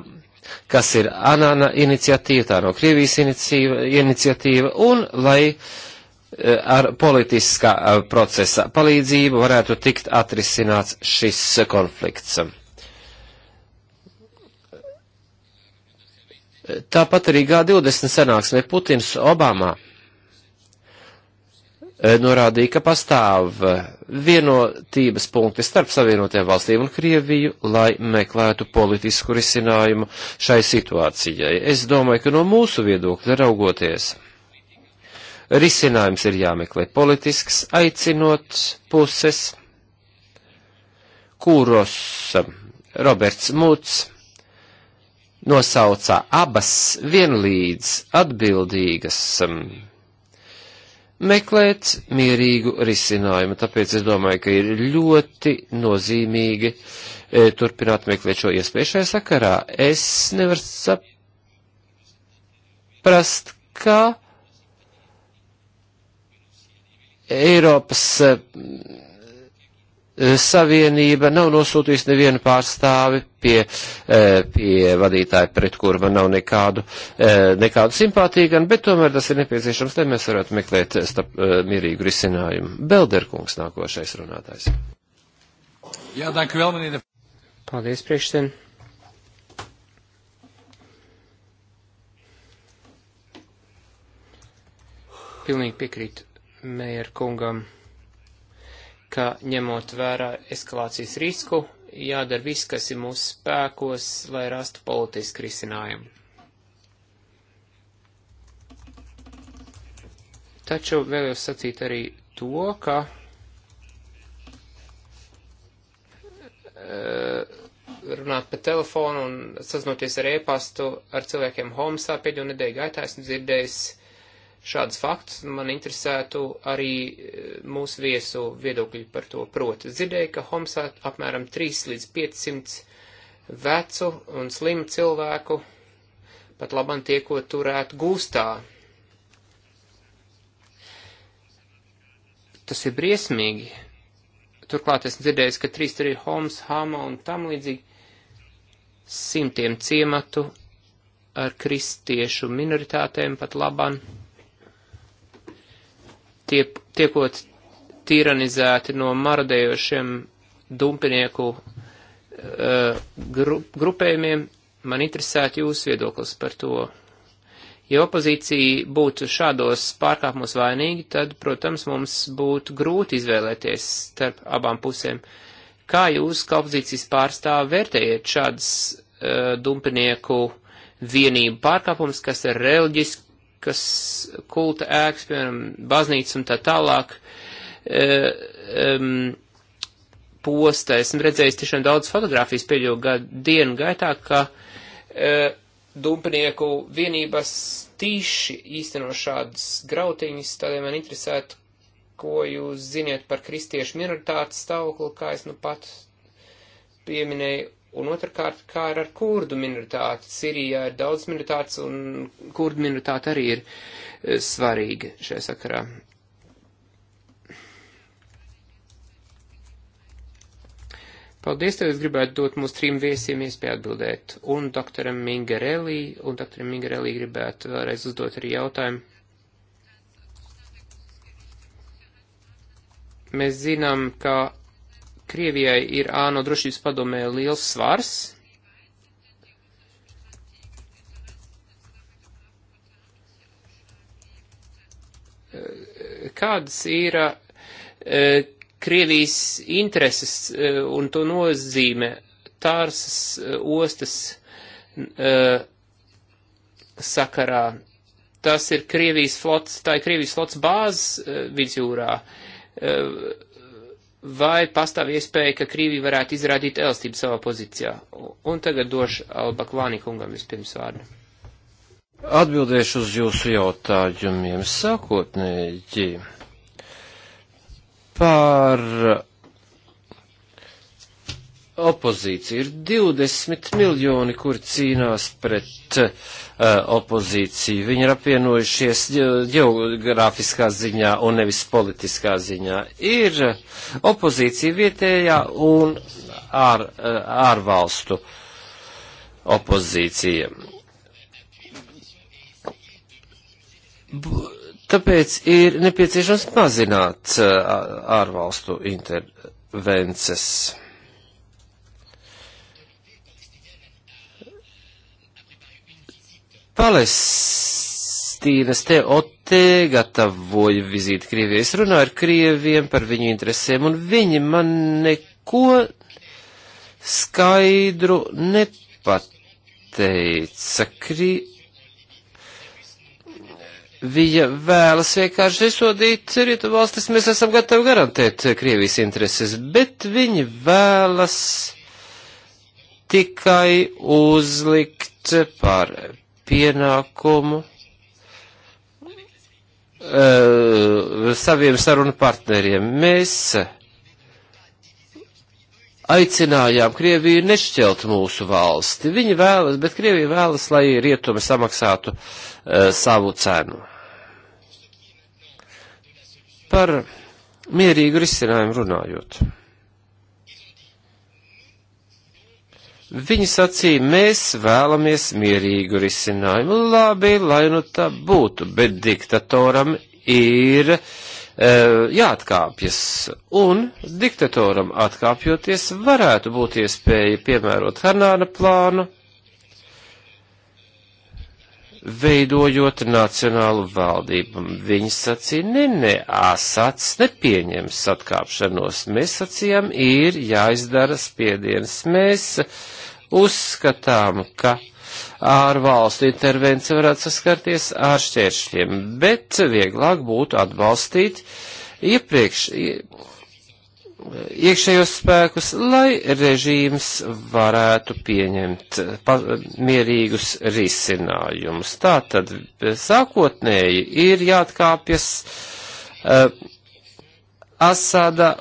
kas ir Anana iniciatīva, tā no Krievijas iniciatīva, iniciatīva un lai eh, ar politiskā eh, procesa palīdzību varētu tikt atrisināts šis konflikts. Tāpat arī G20 sanāksmē Putins Obama eh, norādīja, ka pastāv eh, vienotības punkti starp Savienotajām valstīm un Krieviju, lai meklētu politisku risinājumu šai situācijai. Es domāju, ka no mūsu viedokļa raugoties, risinājums ir jāmeklē politisks, aicinot puses, kuros eh, Roberts Mūts nosauca abas vienlīdz atbildīgas um, meklēt mierīgu risinājumu. Tāpēc es domāju, ka ir ļoti nozīmīgi e, turpināt meklēt šo iespēju šajā sakarā. Es nevaru saprast, kā Eiropas e, Eh, savienība nav nosūtījusi nevienu pārstāvi pie, eh, pie vadītāja, pret kuru man nav nekādu, eh, nekādu simpātiju, gan, bet tomēr tas ir nepieciešams, lai mēs varētu meklēt starp, mierīgu risinājumu. Belderkungs nākošais runātājs. Jā, dank vēl, manīte. Paldies, priekšsien. Pilnīgi piekrītu Mējer kungam ka ņemot vērā eskalācijas risku, jādara viss, kas ir mūsu spēkos, lai rastu politisku risinājumu. Taču vēlos sacīt arī to, ka eh, runāt pa telefonu un sazinoties ar e-pastu ar cilvēkiem Homsā pēdējo nedēļu gaitā esmu dzirdējis, šādus faktus, man interesētu arī eh, mūsu viesu viedokļi par to. Proti, dzirdēju, ka Homsā apmēram 3 līdz 500 vecu un slimu cilvēku pat labam tieko turēt gūstā. Tas ir briesmīgi. Turklāt esmu dzirdējis, ka trīs tur ir Homs, Hama un tam līdzīgi simtiem ciematu ar kristiešu minoritātēm pat labam tie, tiekot tiranizēti no marodējošiem dumpinieku uh, gru, grupējumiem, man interesētu jūsu viedoklis par to. Ja opozīcija būtu šādos pārkāpumos vainīga, tad, protams, mums būtu grūti izvēlēties starp abām pusēm. Kā jūs, kā opozīcijas pārstāvi, vērtējat šādas uh, dumpinieku vienību pārkāpumus, kas ir reliģiski kas kulta ēkas, piemēram, baznīcas un tā tālāk, e, um, posta. Esmu redzējis tiešām daudz fotografijas pēdējo gadu dienu gaitā, ka e, dumpinieku vienības tīši īsteno šādas grautiņas, tādēļ man interesētu, ko jūs ziniet par kristiešu minoritātes stāvokli, kā es nu pat pieminēju, Un otrkārt, kā ir ar kurdu minoritāti? Sirijā ir daudz minoritātes, un kurdu minoritāte arī ir eh, svarīga šajā sakarā. Paldies, tev es gribētu dot mūsu trim viesiem iespēju atbildēt. Un doktoram Mingarelli, un doktoram Mingarelli gribētu vēlreiz uzdot arī jautājumu. Mēs zinām, ka Krievijai ir āno drošības padomē liels svars. Kādas ir e, Krievijas intereses e, un to nozīme Tārsas e, ostas sakarā? Tas ir Krievijas flots, tā ir Krievijas flots bāzes vidusjūrā vai pastāv iespēja, ka Krīvija varētu izrādīt elstību savā pozīcijā? Un tagad došu Albaklāni kungam vispirms vārdu. Atbildēšu uz jūsu jautājumiem sākotnēji par opozīcija. Ir 20 miljoni, kuri cīnās pret uh, opozīciju. Viņi ir apvienojušies geogrāfiskā ziņā un nevis politiskā ziņā. Ir eh, opozīcija vietējā un ār, eh, ārvalstu opozīcija. B Tāpēc ir nepieciešams mazināt ārvalstu intervences. Palestīnas TOT gatavoja vizīti Krievijai. Es runāju ar Krieviem par viņu interesēm, un viņi man neko skaidru nepateica. Kri... Viņa vēlas vienkārši izsodīt rietu valstis, mēs esam gatavi garantēt Krievijas intereses, bet viņi vēlas tikai uzlikt par pienākumu uh, saviem sarunu partneriem. Mēs aicinājām Krieviju nešķelt mūsu valsti. Viņi vēlas, bet Krievija vēlas, lai rietumi samaksātu uh, savu cenu. Par mierīgu risinājumu runājot. Viņi sacīja, mēs vēlamies mierīgu risinājumu. Labi, lai nu tā būtu, bet diktatoram ir e, jāatkāpjas. Un diktatoram atkāpjoties varētu būt iespēja piemērot Hanāna plānu, veidojot nacionālu valdību. Viņi sacīja, ne, ne, Asats nepieņems atkāpšanos. Mēs sacījām, ir jāizdara spiediens. Mēs uzskatām, ka ārvalstu intervence varētu saskarties ar šķēršļiem, bet vieglāk būtu atbalstīt iepriekš iekšējos spēkus, lai režīms varētu pieņemt pa, mierīgus risinājumus. Tātad sākotnēji ir jāatkāpjas uh, Asada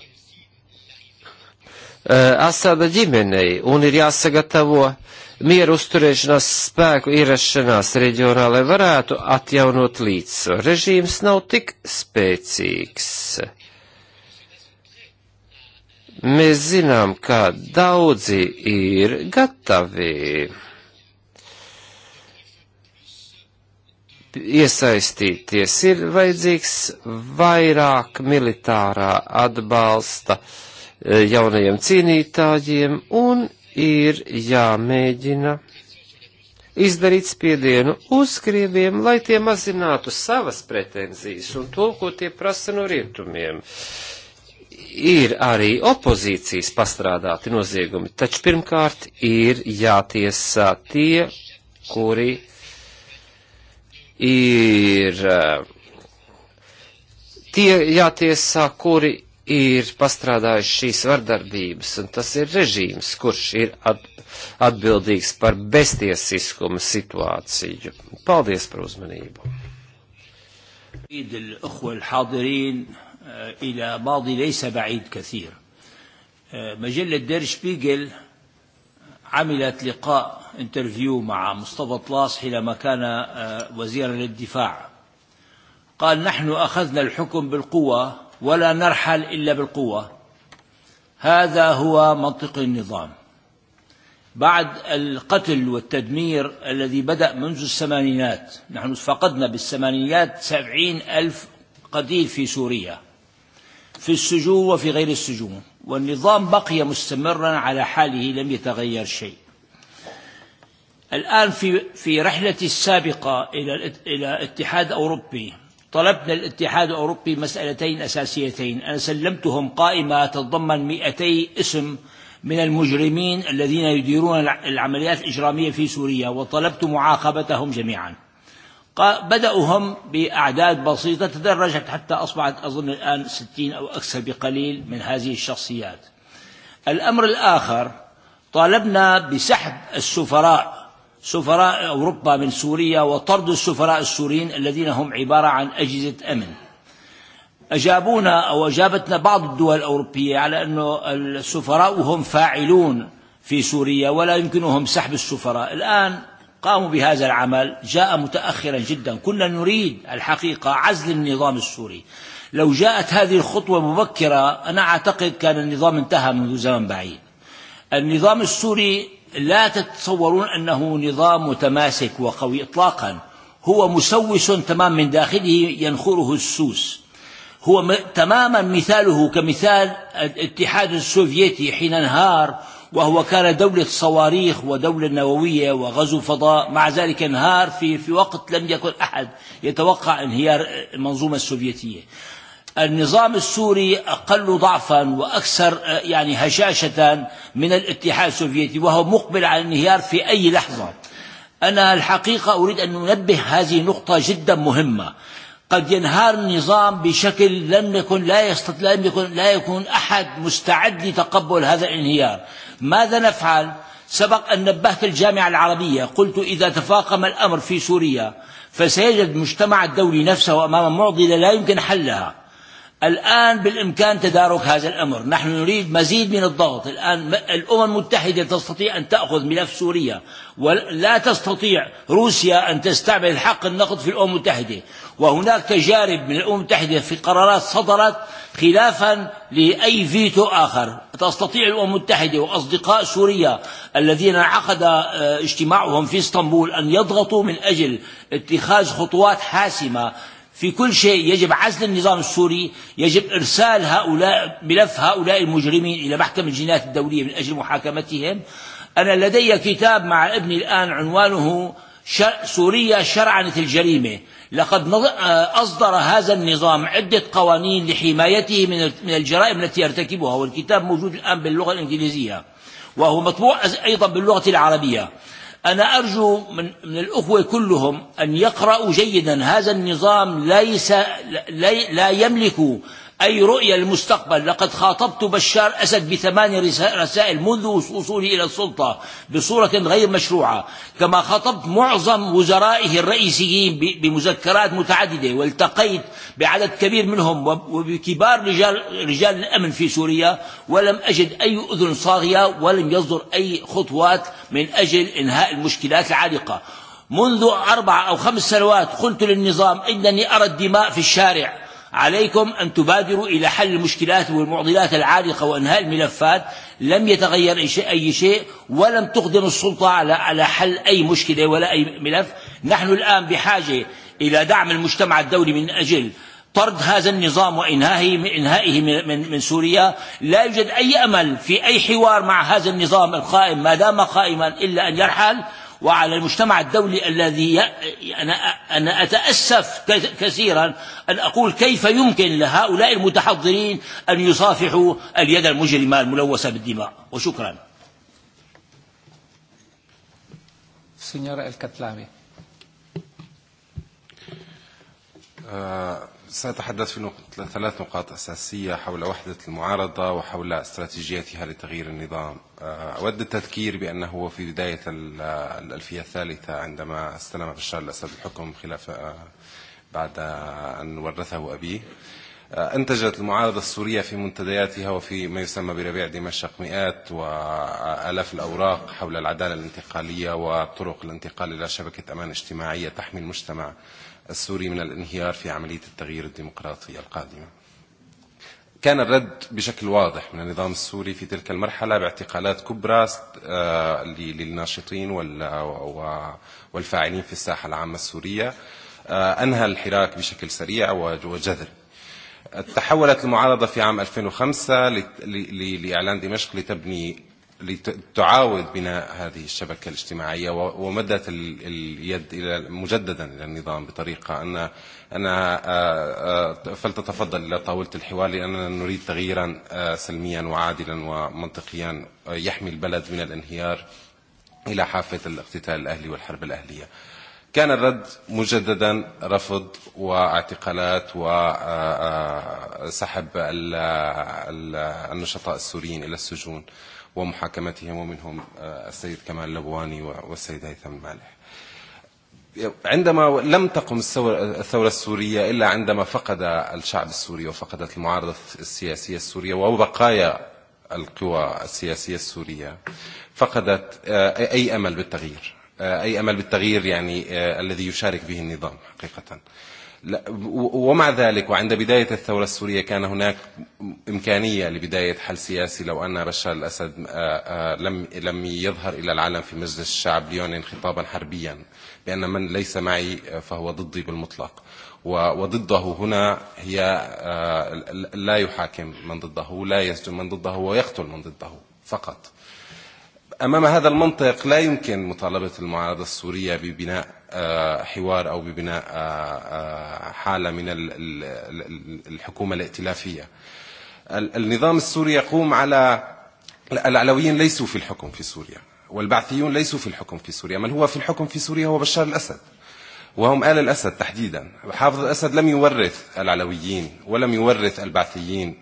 Eh, Asada ģimenei un ir jāsagatavo mieru uzturēšanās spēku ierašanās reģionā, lai varētu atjaunot līdzsvaru. Režīms nav tik spēcīgs. Mēs zinām, ka daudzi ir gatavi iesaistīties, ir vajadzīgs vairāk militārā atbalsta. Uh, Eh, jaunajiem cīnītājiem un ir jāmēģina izdarīt spiedienu uz krieviem, lai tie mazinātu savas pretenzijas un to, ko tie prasa no rietumiem. Ir arī opozīcijas pastrādāti noziegumi, taču pirmkārt ir jātiesā tie, kuri ir eh, tie jātiesā, kuri ir pastrādājuši šīs vardarbības, un tas ir režīms, kurš ir at, atbildīgs par beztiesiskuma situāciju. Paldies par uzmanību! أريد الأخوة الحاضرين إلى ماضي ليس بعيد كثير مجلة دير شبيجل عملت لقاء انترفيو مع مصطفى طلاس حينما كان وزيرا للدفاع قال نحن أخذنا الحكم بالقوة ولا نرحل إلا بالقوة هذا هو منطق النظام بعد القتل والتدمير الذي بدأ منذ الثمانينات نحن فقدنا بالثمانينات سبعين ألف قتيل في سوريا في السجون وفي غير السجون والنظام بقي مستمرا على حاله لم يتغير شيء الآن في في رحلتي السابقة إلى إلى اتحاد أوروبي طلبنا الاتحاد الأوروبي مسألتين أساسيتين أنا سلمتهم قائمة تتضمن 200 اسم من المجرمين الذين يديرون العمليات الإجرامية في سوريا وطلبت معاقبتهم جميعا بدأوا هم بأعداد بسيطة تدرجت حتى أصبحت أظن الآن 60 أو أكثر بقليل من هذه الشخصيات الأمر الآخر طالبنا بسحب السفراء سفراء أوروبا من سوريا وطرد السفراء السوريين الذين هم عبارة عن أجهزة أمن أجابونا أو أجابتنا بعض الدول الأوروبية على أن السفراء هم فاعلون في سوريا ولا يمكنهم سحب السفراء الآن قاموا بهذا العمل جاء متأخرا جدا كنا نريد الحقيقة عزل النظام السوري لو جاءت هذه الخطوة مبكرة أنا أعتقد كان النظام انتهى منذ زمن بعيد النظام السوري لا تتصورون أنه نظام متماسك وقوي إطلاقا هو مسوس تمام من داخله ينخره السوس هو تماما مثاله كمثال الاتحاد السوفيتي حين انهار وهو كان دولة صواريخ ودولة نووية وغزو فضاء مع ذلك انهار في, في وقت لم يكن أحد يتوقع انهيار المنظومة السوفيتية النظام السوري أقل ضعفا وأكثر يعني هشاشة من الاتحاد السوفيتي وهو مقبل على الانهيار في أي لحظة أنا الحقيقة أريد أن ننبه هذه نقطة جدا مهمة قد ينهار النظام بشكل لم يكن لا يستط... لم يكن لا يكون أحد مستعد لتقبل هذا الانهيار ماذا نفعل؟ سبق أن نبهت الجامعة العربية قلت إذا تفاقم الأمر في سوريا فسيجد المجتمع الدولي نفسه أمام معضلة لا يمكن حلها الآن بالإمكان تدارك هذا الأمر نحن نريد مزيد من الضغط الآن الأمم المتحدة تستطيع أن تأخذ ملف سوريا ولا تستطيع روسيا أن تستعمل حق النقد في الأمم المتحدة وهناك تجارب من الأمم المتحدة في قرارات صدرت خلافا لأي فيتو آخر تستطيع الأمم المتحدة وأصدقاء سوريا الذين عقد اجتماعهم في اسطنبول أن يضغطوا من أجل اتخاذ خطوات حاسمة في كل شيء يجب عزل النظام السوري يجب إرسال هؤلاء ملف هؤلاء المجرمين إلى محكمة الجنايات الدولية من أجل محاكمتهم أنا لدي كتاب مع ابني الآن عنوانه سوريا شرعنة الجريمة لقد أصدر هذا النظام عدة قوانين لحمايته من الجرائم التي يرتكبها والكتاب موجود الآن باللغة الإنجليزية وهو مطبوع أيضا باللغة العربية أنا أرجو من, من الأخوة كلهم أن يقرأوا جيدا هذا النظام ليس لا يملك أي رؤية للمستقبل لقد خاطبت بشار أسد بثمان رسائل منذ وصوله إلى السلطة بصورة غير مشروعة كما خاطبت معظم وزرائه الرئيسيين بمذكرات متعددة والتقيت بعدد كبير منهم وبكبار رجال, رجال الأمن في سوريا ولم أجد أي أذن صاغية ولم يصدر أي خطوات من أجل إنهاء المشكلات العالقة منذ أربع أو خمس سنوات قلت للنظام إنني أرى الدماء في الشارع عليكم أن تبادروا إلى حل المشكلات والمعضلات العالقة وإنهاء الملفات لم يتغير أي شيء ولم تقدم السلطة على حل أي مشكلة ولا أي ملف نحن الآن بحاجة إلى دعم المجتمع الدولي من أجل طرد هذا النظام وإنهائه إنهائه من, من سوريا لا يوجد أي أمل في أي حوار مع هذا النظام القائم ما دام قائما إلا أن يرحل وعلى المجتمع الدولي الذي أنا, أنا أتأسف كثيرا أن أقول كيف يمكن لهؤلاء المتحضرين أن يصافحوا اليد المجرمة الملوثة بالدماء وشكرا سينيورا الكتلامي سأتحدث في ثلاث نقاط أساسية حول وحدة المعارضة وحول استراتيجيتها لتغيير النظام أود التذكير بأنه في بداية الألفية الثالثة عندما استلم بشار الأسد الحكم خلاف بعد أن ورثه أبيه أنتجت المعارضة السورية في منتدياتها وفي ما يسمى بربيع دمشق مئات وآلاف الأوراق حول العدالة الانتقالية وطرق الانتقال إلى شبكة أمان اجتماعية تحمي المجتمع السوري من الانهيار في عملية التغيير الديمقراطي القادمة كان الرد بشكل واضح من النظام السوري في تلك المرحلة باعتقالات كبرى للناشطين والفاعلين في الساحة العامة السورية أنهى الحراك بشكل سريع وجذري تحولت المعارضة في عام 2005 لإعلان دمشق لتبني لتعاود بناء هذه الشبكة الاجتماعية ومدت اليد إلى مجددا إلى النظام بطريقة أن أنا فلتتفضل إلى طاولة الحوار لأننا نريد تغييرا سلميا وعادلا ومنطقيا يحمي البلد من الانهيار إلى حافة الاقتتال الأهلي والحرب الأهلية كان الرد مجددا رفض واعتقالات وسحب النشطاء السوريين إلى السجون ومحاكمتهم ومنهم السيد كمال لبواني والسيد هيثم مالح عندما لم تقم الثورة السورية إلا عندما فقد الشعب السوري وفقدت المعارضة السياسية السورية وبقايا القوى السياسية السورية فقدت أي أمل بالتغيير أي أمل بالتغيير يعني الذي يشارك به النظام حقيقة ومع ذلك وعند بداية الثورة السورية كان هناك إمكانية لبداية حل سياسي لو أن بشار الأسد لم لم يظهر إلى العلن في مجلس الشعب ليونين خطابا حربيا بأن من ليس معي فهو ضدي بالمطلق وضده هنا هي لا يحاكم من ضده لا يسجن من ضده ويقتل من ضده فقط أمام هذا المنطق لا يمكن مطالبة المعارضة السورية ببناء حوار أو ببناء حالة من الحكومة الائتلافية النظام السوري يقوم على العلويين ليسوا في الحكم في سوريا والبعثيون ليسوا في الحكم في سوريا من هو في الحكم في سوريا هو بشار الأسد وهم آل الأسد تحديدا حافظ الأسد لم يورث العلويين ولم يورث البعثيين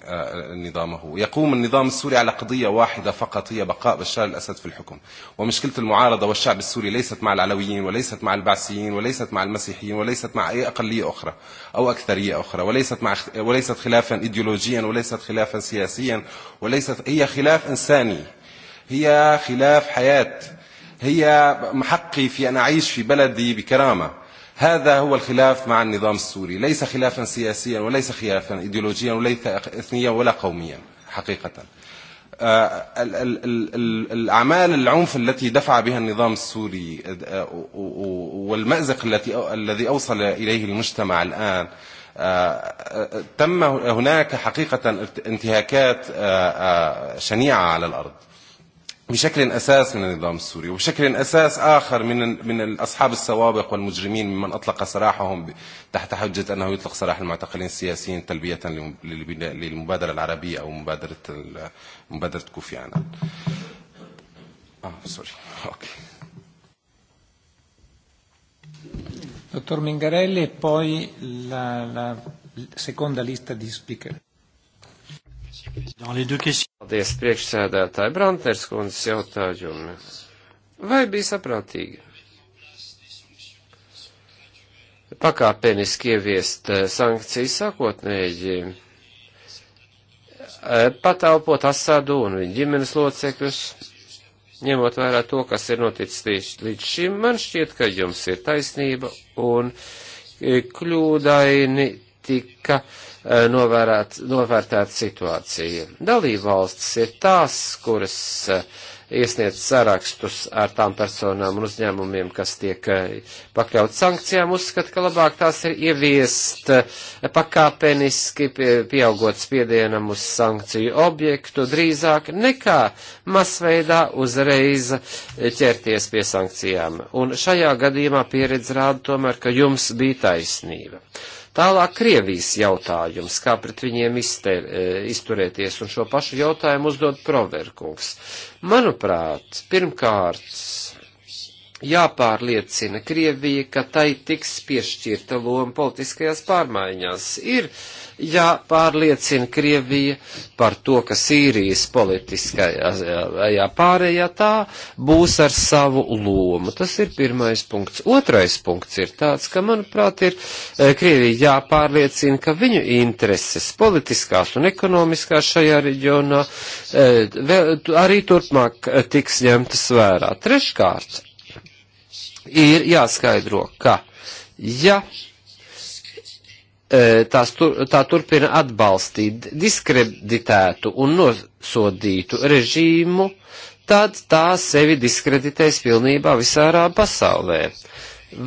نظامه يقوم النظام السوري على قضية واحدة فقط هي بقاء بشار الأسد في الحكم ومشكلة المعارضة والشعب السوري ليست مع العلويين وليست مع البعثيين وليست مع المسيحيين وليست مع أي أقلية أخرى أو أكثرية أخرى وليست, مع وليست خلافا إيديولوجيا وليست خلافا سياسيا وليست هي خلاف إنساني هي خلاف حياة هي حقي في أن أعيش في بلدي بكرامة هذا هو الخلاف مع النظام السوري ليس خلافا سياسيا وليس خلافا إيديولوجيا وليس إثنيا ولا قوميا حقيقة الأعمال العنف التي دفع بها النظام السوري والمأزق التي الذي أوصل إليه المجتمع الآن تم هناك حقيقة انتهاكات شنيعة على الأرض بشكل أساس من النظام السوري وبشكل أساس آخر من من أصحاب السوابق والمجرمين ممن أطلق سراحهم تحت حجة أنه يطلق سراح المعتقلين السياسيين تلبية للمبادرة العربية أو مبادرة مبادرة كوفي عنان. آه سوري أوكي. Dottor Mingarelli e poi la, la seconda lista di speaker. Paldies priekšsēdētāji Brantners kundzes jautājumi. Vai bija saprātīgi? Pakāpeniski ieviest eh, sankcijas sākotnēji, eh, patalpot Asādu un viņa ģimenes locekļus, ņemot vērā to, kas ir noticis līdz šim, man šķiet, ka jums ir taisnība un eh, kļūdaini tika uh, Eh, novērāt, novērtēta situācija. Dalībvalstis ir tās, kuras eh, iesniedz sarakstus ar tām personām un uzņēmumiem, kas tiek eh, pakļaut sankcijām, uzskata, ka labāk tās ir ieviest pakāpeniski, pieaugot spiedienam uz sankciju objektu drīzāk nekā masveidā uzreiz ķerties pie sankcijām. Un šajā gadījumā pieredze rāda tomēr, ka jums bija taisnība. Tālāk Krievijas jautājums, kā pret viņiem izter, e, izturēties, un šo pašu jautājumu uzdod proverkungs. Manuprāt, pirmkārt, jāpārliecina Krievija, ka tai tiks piešķirta loma politiskajās pārmaiņās. Ir uh, jāpārliecina Krievija par to, ka Sīrijas politiskajā pārējā tā būs ar savu lomu. Tas ir pirmais punkts. Otrais punkts ir tāds, ka, manuprāt, ir eh, Krievija jāpārliecina, ka viņu intereses politiskās un ekonomiskās šajā reģionā eh, arī turpmāk eh, tiks ņemtas vērā. Treškārt, ir jāskaidro, ka, ja Eh, tās tur, tā turpina atbalstīt diskreditētu un nosodītu režīmu, tad tā sevi diskreditēs pilnībā visārā pasaulē.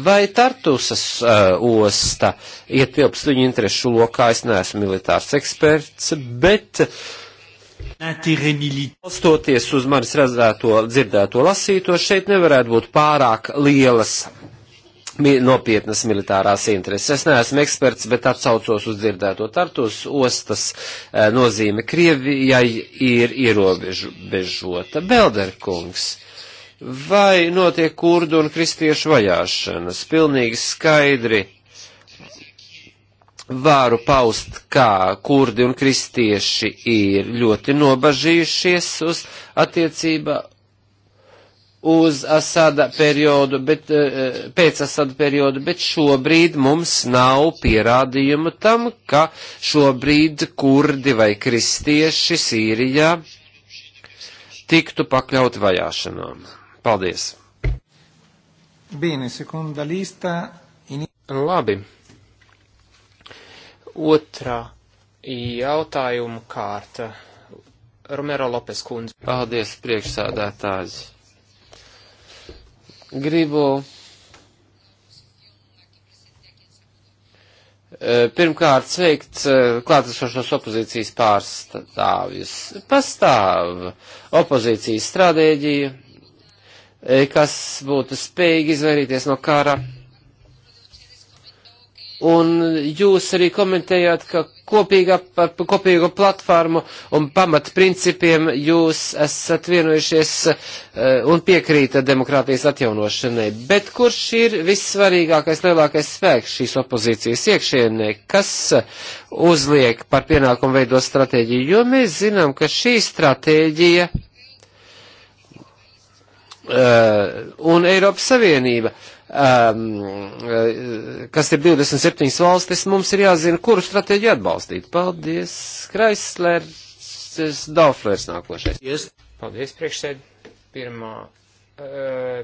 Vai Tartusas uh, osta ietilpst viņu interesu lokā, es neesmu militārs eksperts, bet balstoties uz manis redzēto, dzirdēto, lasīto, šeit nevarētu būt pārāk lielas nopietnas militārās intereses. Es neesmu eksperts, bet atsaucos uz dzirdēto Tartus ostas e, nozīme Krievijai ir ierobežota. Belderkungs, vai notiek kurdu un kristiešu vajāšanas? Pilnīgi skaidri varu paust, kā kurdi un kristieši ir ļoti nobažījušies uz attiecībā uz Asada periodu, bet, eh, eh, pēc Asada periodu, bet šobrīd mums nav pierādījuma tam, ka šobrīd kurdi vai kristieši Sīrijā tiktu pakļaut vajāšanām. Paldies! Bene, sekunda lista. In... Labi. Otrā jautājuma kārta. Romero Lopes kundze. Paldies, priekšsādātājs gribu e, pirmkārt sveikt e, klātesošos opozīcijas pārstāvjus. Pastāv opozīcijas stratēģija, e, kas būtu spējīga izvairīties no kara Un jūs arī komentējāt, ka kopīga, par kopīgo platformu un pamatprincipiem jūs esat vienojušies eh, un piekrīta demokrātijas atjaunošanai. Bet kurš ir vissvarīgākais, lielākais spēks šīs opozīcijas iekšienē, kas uzliek par pienākumu veidot stratēģiju? Jo mēs zinām, ka šī stratēģija uh, un Eiropas Savienība uh, um, kas ir 27 valstis, mums ir jāzina, kuru stratēģiju atbalstīt. Paldies, Kraislers, Dauflers nākošais. Yes. Paldies, priekšsēd. Pirmā, uh,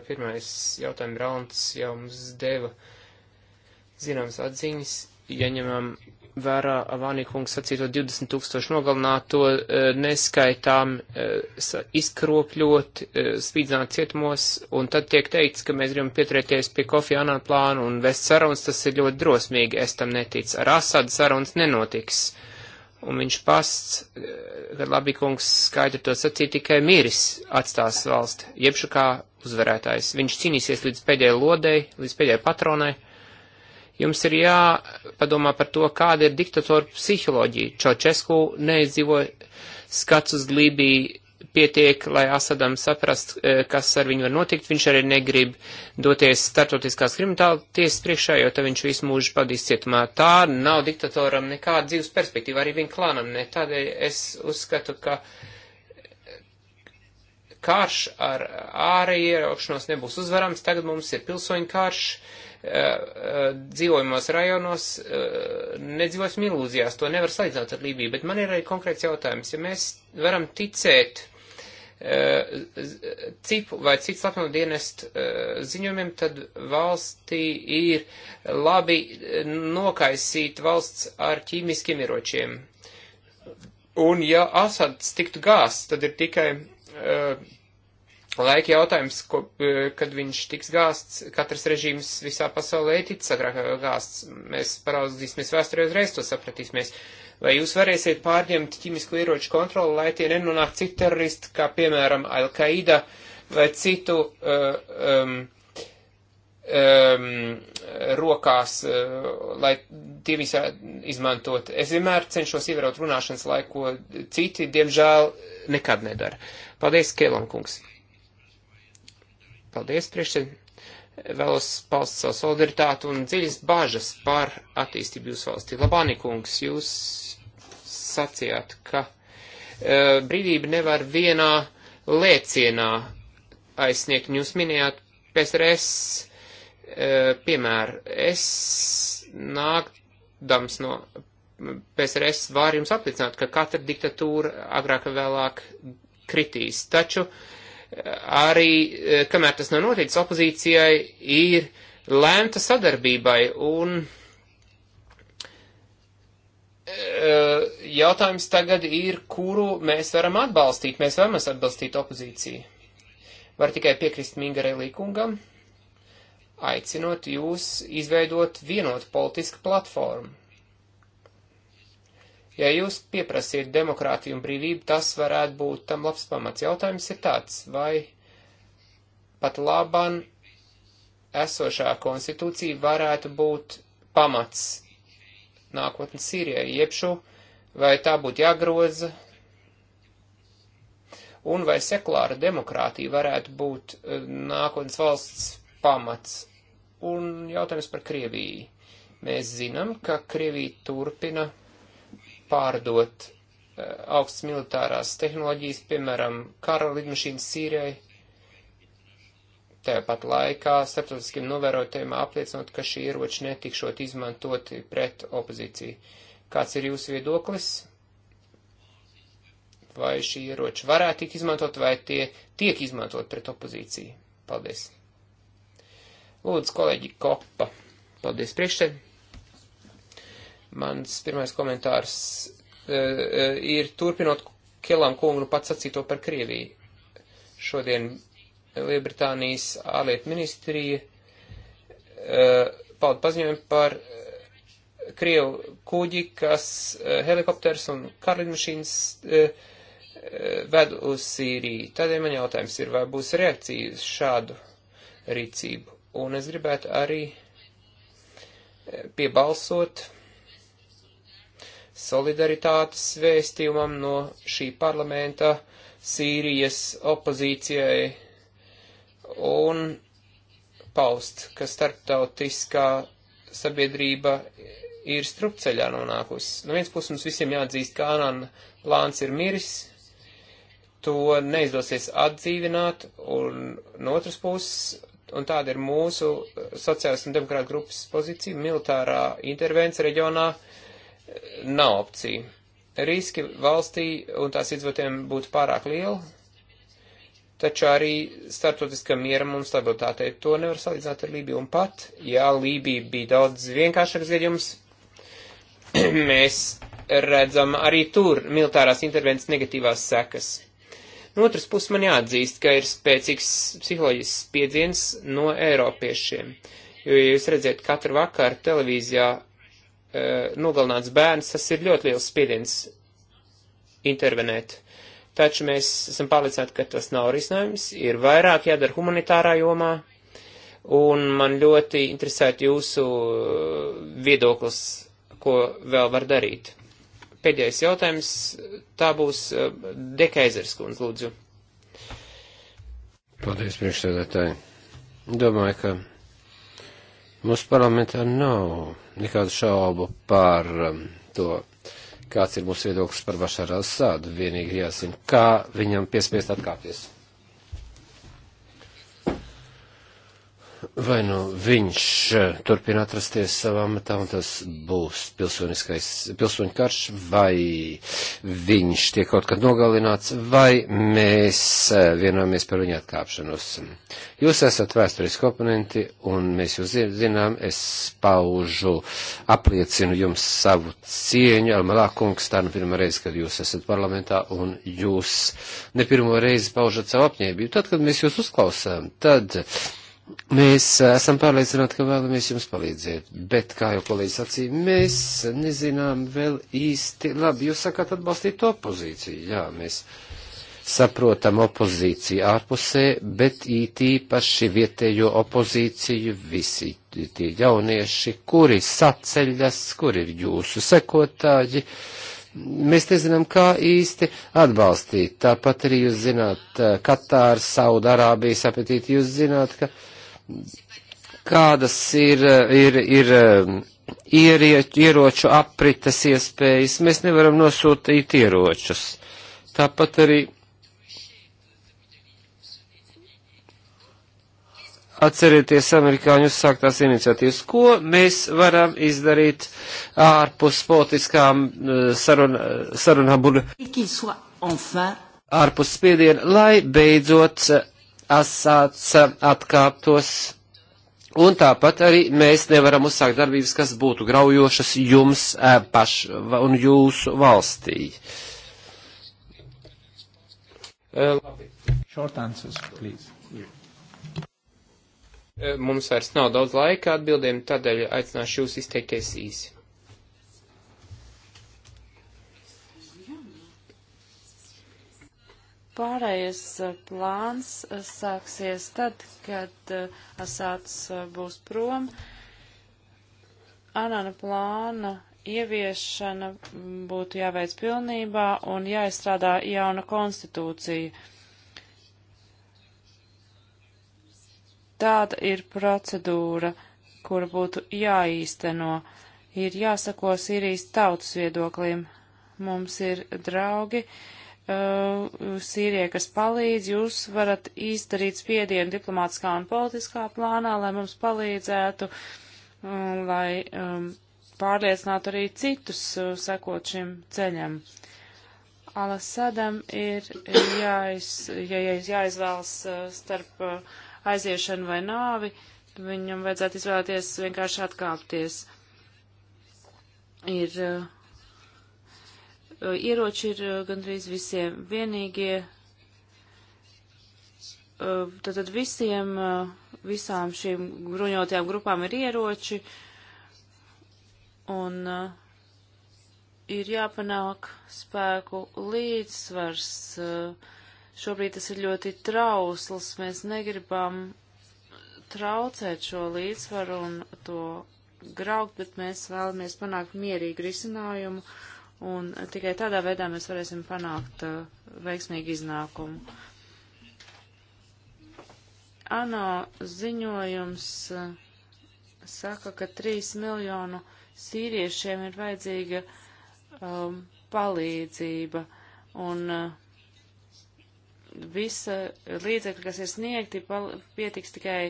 pirmais jautājums Rauns jau mums deva zināmas atziņas, ja ņemam vērā Avānīkungs sacīto 20 tūkstošu nogalināto, e, neskaitām e, izkropļot, e, spīdzināt cietumos, un tad tiek teikts, ka mēs gribam pieturēties pie Kofi Anāna plānu un vest sarunas, tas ir ļoti drosmīgi, es tam neticu. Ar Asadu sarunas nenotiks. Un viņš pasts, kad labi kungs skaidri to sacīja, tikai miris atstās valsti, jebšu kā uzvarētājs. Viņš cīnīsies līdz pēdējai lodei, līdz pēdējai patronai. Jums ir jāpadomā par to, kāda ir diktatora psiholoģija. Čočesku neizdzīvoja skats uz Lībiju pietiek, lai Asadam saprast, eh, kas ar viņu var notikt. Viņš arī negrib doties startotiskās krimināla tiesas priekšā, jo tad viņš visu mūžu padīs cietumā. Tā nav diktatoram nekāda dzīves perspektīva, arī viņa klānam ne. Tādēļ es uzskatu, ka. Uh, karš ar ārēju iejaukšanos nebūs uzvarams, tagad mums ir pilsoņu karš, eh, eh, dzīvojumos rajonos, eh, nedzīvosim ilūzijās, to nevar salīdzināt ar Lībiju, bet man ir arī konkrēts jautājums, ja mēs varam ticēt cipu vai citu slepenu dienestu ziņojumiem, tad valstī ir labi nokaisīt valsts ar ķīmiskiem ieročiem. Un ja Asads tiktu gāsts, tad ir tikai Eh, laika jautājums, ko, eh, kad viņš tiks gāsts, katrs režīms visā pasaulē ir ticis agrāk eh, gāsts. Mēs paraudzīsimies vēsturē uzreiz to sapratīsimies. Vai jūs varēsiet pārņemt ķimisku ieroču kontroli, lai tie nenonāk citu teroristu, kā piemēram Al-Qaida vai citu uh, um, um, rokās, uh, lai tie visā izmantot? Es vienmēr cenšos ievērot runāšanas laiku, ko citi, diemžēl, nekad nedara. Uh, Paldies, Kēlam kungs. Paldies, priekšsēd. Vēlos paust savu solidaritātu un dziļas bažas par attīstību jūsu valstī. Labāni kungs, jūs sacījāt, ka e, brīvība nevar vienā lēcienā aizsniegt. Jūs minējāt PSRS e, piemēru. Es nākdams no PSRS varu jums apliecināt, ka katra diktatūra agrāk vai vēlāk kritīs. Taču eh, arī, eh, kamēr tas nav noticis, opozīcijai ir lēmta sadarbībai un eh, jautājums tagad ir, kuru mēs varam atbalstīt. Mēs varam atbalstīt opozīciju. Var tikai piekrist Mingarei Līkungam, aicinot jūs izveidot vienotu politisku platformu Ja jūs pieprasiet demokrātiju un brīvību, tas varētu būt tam labs pamats. Jautājums ir tāds, vai pat laban esošā konstitūcija varētu būt pamats nākotnes Sīrijai, iepšu, vai tā būtu jāgroza, un vai sekulāra demokrātija varētu būt eh, nākotnes valsts pamats. Un jautājums par Krieviju. Mēs zinām, ka Krievija turpina pārdot eh, augstas militārās tehnoloģijas, piemēram, kara lidmašīnas Sīrijai. Tāpat laikā starptautiskiem novērotiem apliecinot, ka šie ieroči netikšot izmantoti pret opozīciju. Kāds ir jūsu viedoklis? Vai šie ieroči varētu tikt izmantot, vai tie tiek izmantot pret opozīciju? Paldies. Lūdzu, kolēģi Kopa. Paldies priekšsēdētājiem. Mans pirmais komentārs uh, ir turpinot Kelam kungu nu pats sacīto par Krieviju. Šodien Lielbritānijas ārlietu ministrija uh, pauda paziņojumu par Krievu kuģi, kas helikopters un karlinmašīnas ved uz Sīriju. Tādēļ man jautājums ir, vai būs reakcija uz šādu rīcību. Un es gribētu arī piebalsot solidaritātes vēstījumam no šī parlamenta Sīrijas opozīcijai un paust, ka starptautiskā sabiedrība ir strupceļā nonākusi. No nu, viens puses mums visiem jāatzīst, ka Anan plāns ir miris, to neizdosies atdzīvināt, un no otras puses, un tāda ir mūsu sociālistu un demokrātu grupas pozīcija, militārā intervence reģionā uh, nav opcija. Riski valstī un tās iedzīvotiem būtu pārāk lieli, taču arī startotiskam mieram un stabilitātei to nevar salīdzināt ar Lībiju. Un pat, ja Lībija bija daudz vienkāršāks gadījums, mēs redzam arī tur militārās intervences negatīvās sekas. No otras puses man jāatzīst, ka ir spēcīgs psiholoģisks spiediens no eiropiešiem. Jo, ja jūs redzat katru vakaru televīzijā Eh, nogalināts bērns, tas ir ļoti liels spiediens intervenēt. Taču mēs esam pārliecināti, ka tas nav risinājums, ir vairāk jādara humanitārā jomā, un man ļoti interesētu jūsu eh, viedoklis, ko vēl var darīt. Pēdējais jautājums, tā būs eh, Dekaizers, kundz, lūdzu. Paldies, priekšsēdētāji. Domāju, ka Mūsu parlamentā nav nekādu šaubu par um, to, kāds ir mūsu viedoklis par Bašarā Asādu. Vienīgi jāzina, kā viņam piespiest atkāpties. vai nu viņš eh, turpina atrasties savā matā, un tas būs pilsoniskais, pilsoņu karš, vai viņš tiek kaut kad nogalināts, vai mēs eh, vienojamies par viņa atkāpšanos. Jūs esat vēsturiski oponenti, un mēs jūs zinām, es paužu, apliecinu jums savu cieņu, Almalā kungs, tā nu pirmā reize, kad jūs esat parlamentā, un jūs ne pirmo reizi paužat savu apņēmību. Tad, kad mēs jūs uzklausām, tad Mēs eh, esam pārliecināti, ka vēlamies jums palīdzēt, bet, kā jau kolēģis sacīja, mēs nezinām vēl īsti labi. Jūs sakāt atbalstīt opozīciju, jā, mēs saprotam opozīciju ārpusē, bet it īpaši vietējo opozīciju visi tie jaunieši, kuri saceļas, kur ir jūsu sekotāji. Mēs nezinām, kā īsti atbalstīt. Tāpat arī jūs zināt, eh, Katāra, Saudarābijas apetīti, jūs zināt, ka kādas ir, ir, ir ierie, ieroču aprites iespējas, mēs nevaram nosūtīt ieročus. Tāpat arī Atcerieties amerikāņu uzsāktās iniciatīvas, ko mēs varam izdarīt ārpus politiskām eh, sarun, sarunām un ārpus spiediena, lai beidzot Asāds atkāptos. Un tāpat arī mēs nevaram uzsākt darbības, kas būtu graujošas jums paš un jūsu valstī. Labi. E, Short answers, please. E, mums vairs nav daudz laika atbildēm, tādēļ aicināšu jūs izteikties īsi. Pārējais eh, plāns eh, sāksies tad, kad eh, Asāds būs prom. Anana plāna ieviešana mm, būtu jāveic pilnībā un jāizstrādā jauna konstitūcija. Tāda ir procedūra, kura būtu jāīsteno. Ir jāsako Sīrijas tautas viedoklim. Mums ir draugi, uh, Uh, Sīrijai, kas palīdz, jūs varat izdarīt spiedienu diplomātiskā un politiskā plānā, lai mums palīdzētu, um, lai um, pārliecinātu arī citus uh, sekot šim ceļam. Alasadam ir jāiz, ja, ja jāizvēlas uh, starp aiziešanu vai nāvi, viņam vajadzētu izvēlēties vienkārši atkāpties. Ir uh, Eh, ieroči ir eh, gandrīz visiem vienīgie. Eh, tātad visiem, visām šīm bruņotajām grupām ir ieroči un ir jāpanāk spēku līdzsvars. Šobrīd tas ir ļoti trausls, mēs negribam traucēt šo līdzsvaru un to graukt, bet mēs vēlamies panākt mierīgu risinājumu un tikai tādā veidā mēs varēsim panākt uh, veiksmīgu iznākumu. ANO ziņojums uh, saka, ka 3 miljonu sīriešiem ir vajadzīga um, palīdzība, un uh, visa līdzekļa, kas ir sniegti, pietiks tikai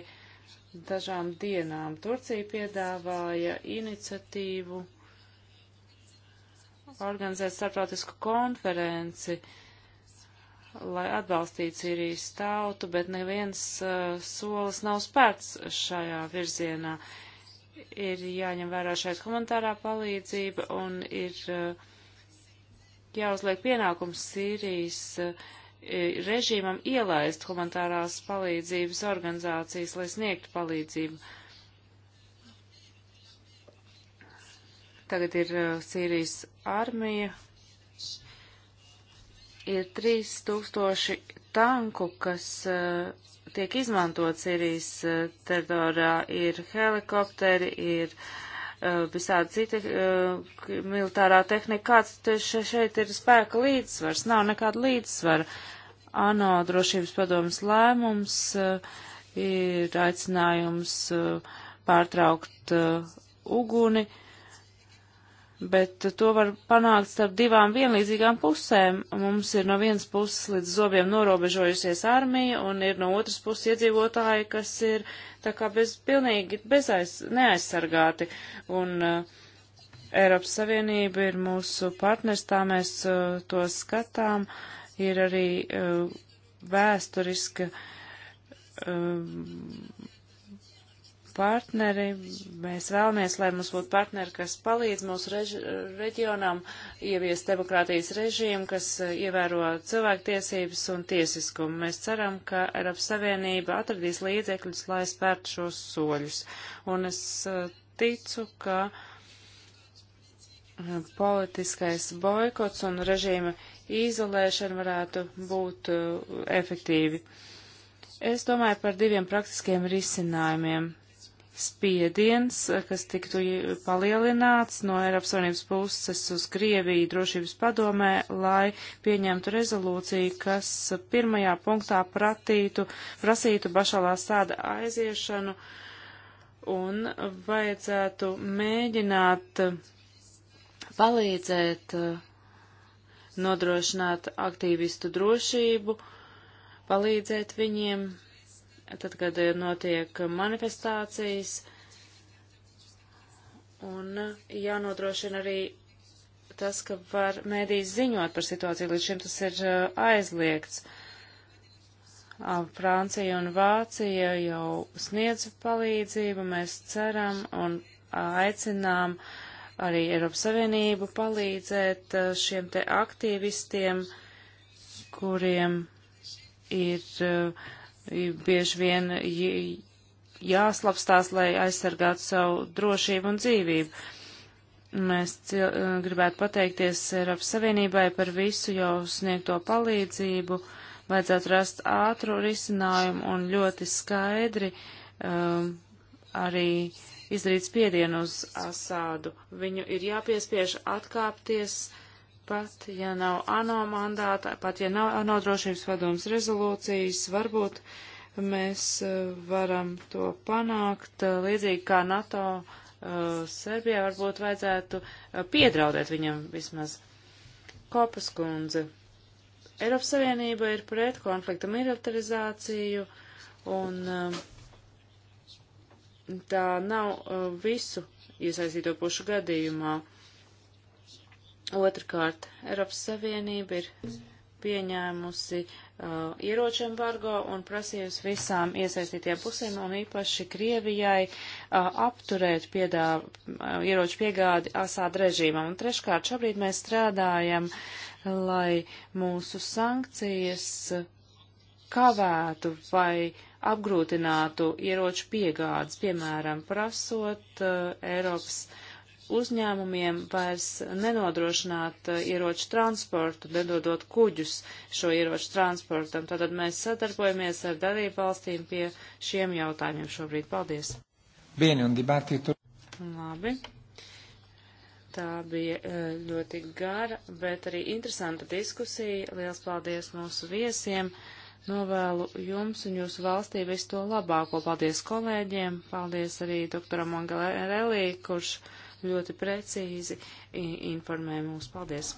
dažām dienām. Turcija piedāvāja iniciatīvu uh, organizēt starptautisku konferenci, lai atbalstītu Sīrijas tautu, bet neviens uh, solis nav spērts šajā virzienā. Ir jāņem vērā šeit humanitārā palīdzība un ir uh, jāuzliek pienākums Sīrijas uh, režīmam ielaist humanitārās palīdzības organizācijas, lai sniegtu palīdzību. Uh, Tagad ir uh, Sīrijas armija. Ir 3000 tanku, kas uh, tiek izmantot Sīrijas uh, teritorijā. Ir helikopteri, ir visādi citi uh, militārā tehnika. Kāds šeit ir spēka līdzsvars? Nav nekāda līdzsvara. ANO drošības padomas lēmums uh, ir aicinājums uh, pārtraukt uguni. Uh, bet to var panākt starp divām vienlīdzīgām pusēm. Mums ir no vienas puses līdz zobiem norobežojusies armija, un ir no otras puses iedzīvotāji, kas ir tā kā bez, pilnīgi bezaiz, neaizsargāti. Un uh, Eiropas Savienība ir mūsu partners, tā mēs uh, to skatām. Ir arī uh, vēsturiska. Uh, partneri. Mēs vēlamies, lai mums būtu partneri, kas palīdz mūsu reži, reģionam ievies demokrātijas režīmu, kas ievēro cilvēktiesības un tiesiskumu. Mēs ceram, ka Eiropas Savienība atradīs līdzekļus, lai spērtu šos soļus. Un es eh, ticu, ka eh, politiskais boikots un režīma izolēšana varētu būt uh, efektīvi. Es domāju par diviem praktiskiem risinājumiem spiediens, eh, kas tiktu palielināts no Eiropas Savienības puses uz Krieviju drošības padomē, lai pieņemtu rezolūciju, kas pirmajā punktā pratītu, prasītu Bašalā stāda aiziešanu un vajadzētu mēģināt eh, palīdzēt eh, nodrošināt aktīvistu drošību, palīdzēt viņiem tad, kad eh, notiek manifestācijas, un jānodrošina arī tas, ka var mēdīs ziņot par situāciju, līdz šim tas ir eh, aizliegts. Francija un Vācija jau sniedz palīdzību, mēs ceram un aicinām arī Eiropas Savienību palīdzēt eh, šiem te aktīvistiem, kuriem ir uh, bieži vien jāslapstās, lai aizsargātu savu drošību un dzīvību. Mēs eh, gribētu pateikties Eiropas Savienībai par visu jau sniegto palīdzību, vajadzētu rast ātru risinājumu un ļoti skaidri um, arī izdarīt spiedienu uz Asādu. Viņu ir jāpiespiež atkāpties uh, pat ja nav ANO mandāta, pat ja nav ANO drošības padomas rezolūcijas, varbūt mēs eh, varam to panākt, eh, līdzīgi kā NATO eh, Serbijā varbūt vajadzētu piedraudēt viņam vismaz. Kopas kundze. Eiropas Savienība ir pret konflikta militarizāciju un tā nav visu iesaistīto pušu gadījumā. Otrkārt, Eiropas Savienība ir pieņēmusi uh, ieroču embargo un prasījusi visām iesaistītajām pusēm un īpaši Krievijai uh, apturēt piedā, uh, ieroču piegādi Asāda režīmam. Un treškārt, šobrīd mēs strādājam, lai mūsu sankcijas kavētu vai apgrūtinātu ieroču piegādes, piemēram, prasot uh, Eiropas uh, uzņēmumiem vairs nenodrošināt uh, ieroču transportu, nedodot kuģus šo ieroču transportam. Tātad mēs sadarbojamies ar darību valstīm pie šiem jautājumiem šobrīd. Paldies! Vieni un dibattitu. Labi. Tā bija uh, ļoti gara, bet arī interesanta diskusija. Liels paldies mūsu viesiem! Novēlu jums un jūsu valstī visu to labāko. Paldies kolēģiem, paldies arī doktoram Angelē Relī, kurš ļoti precīzi informē mūs. Paldies!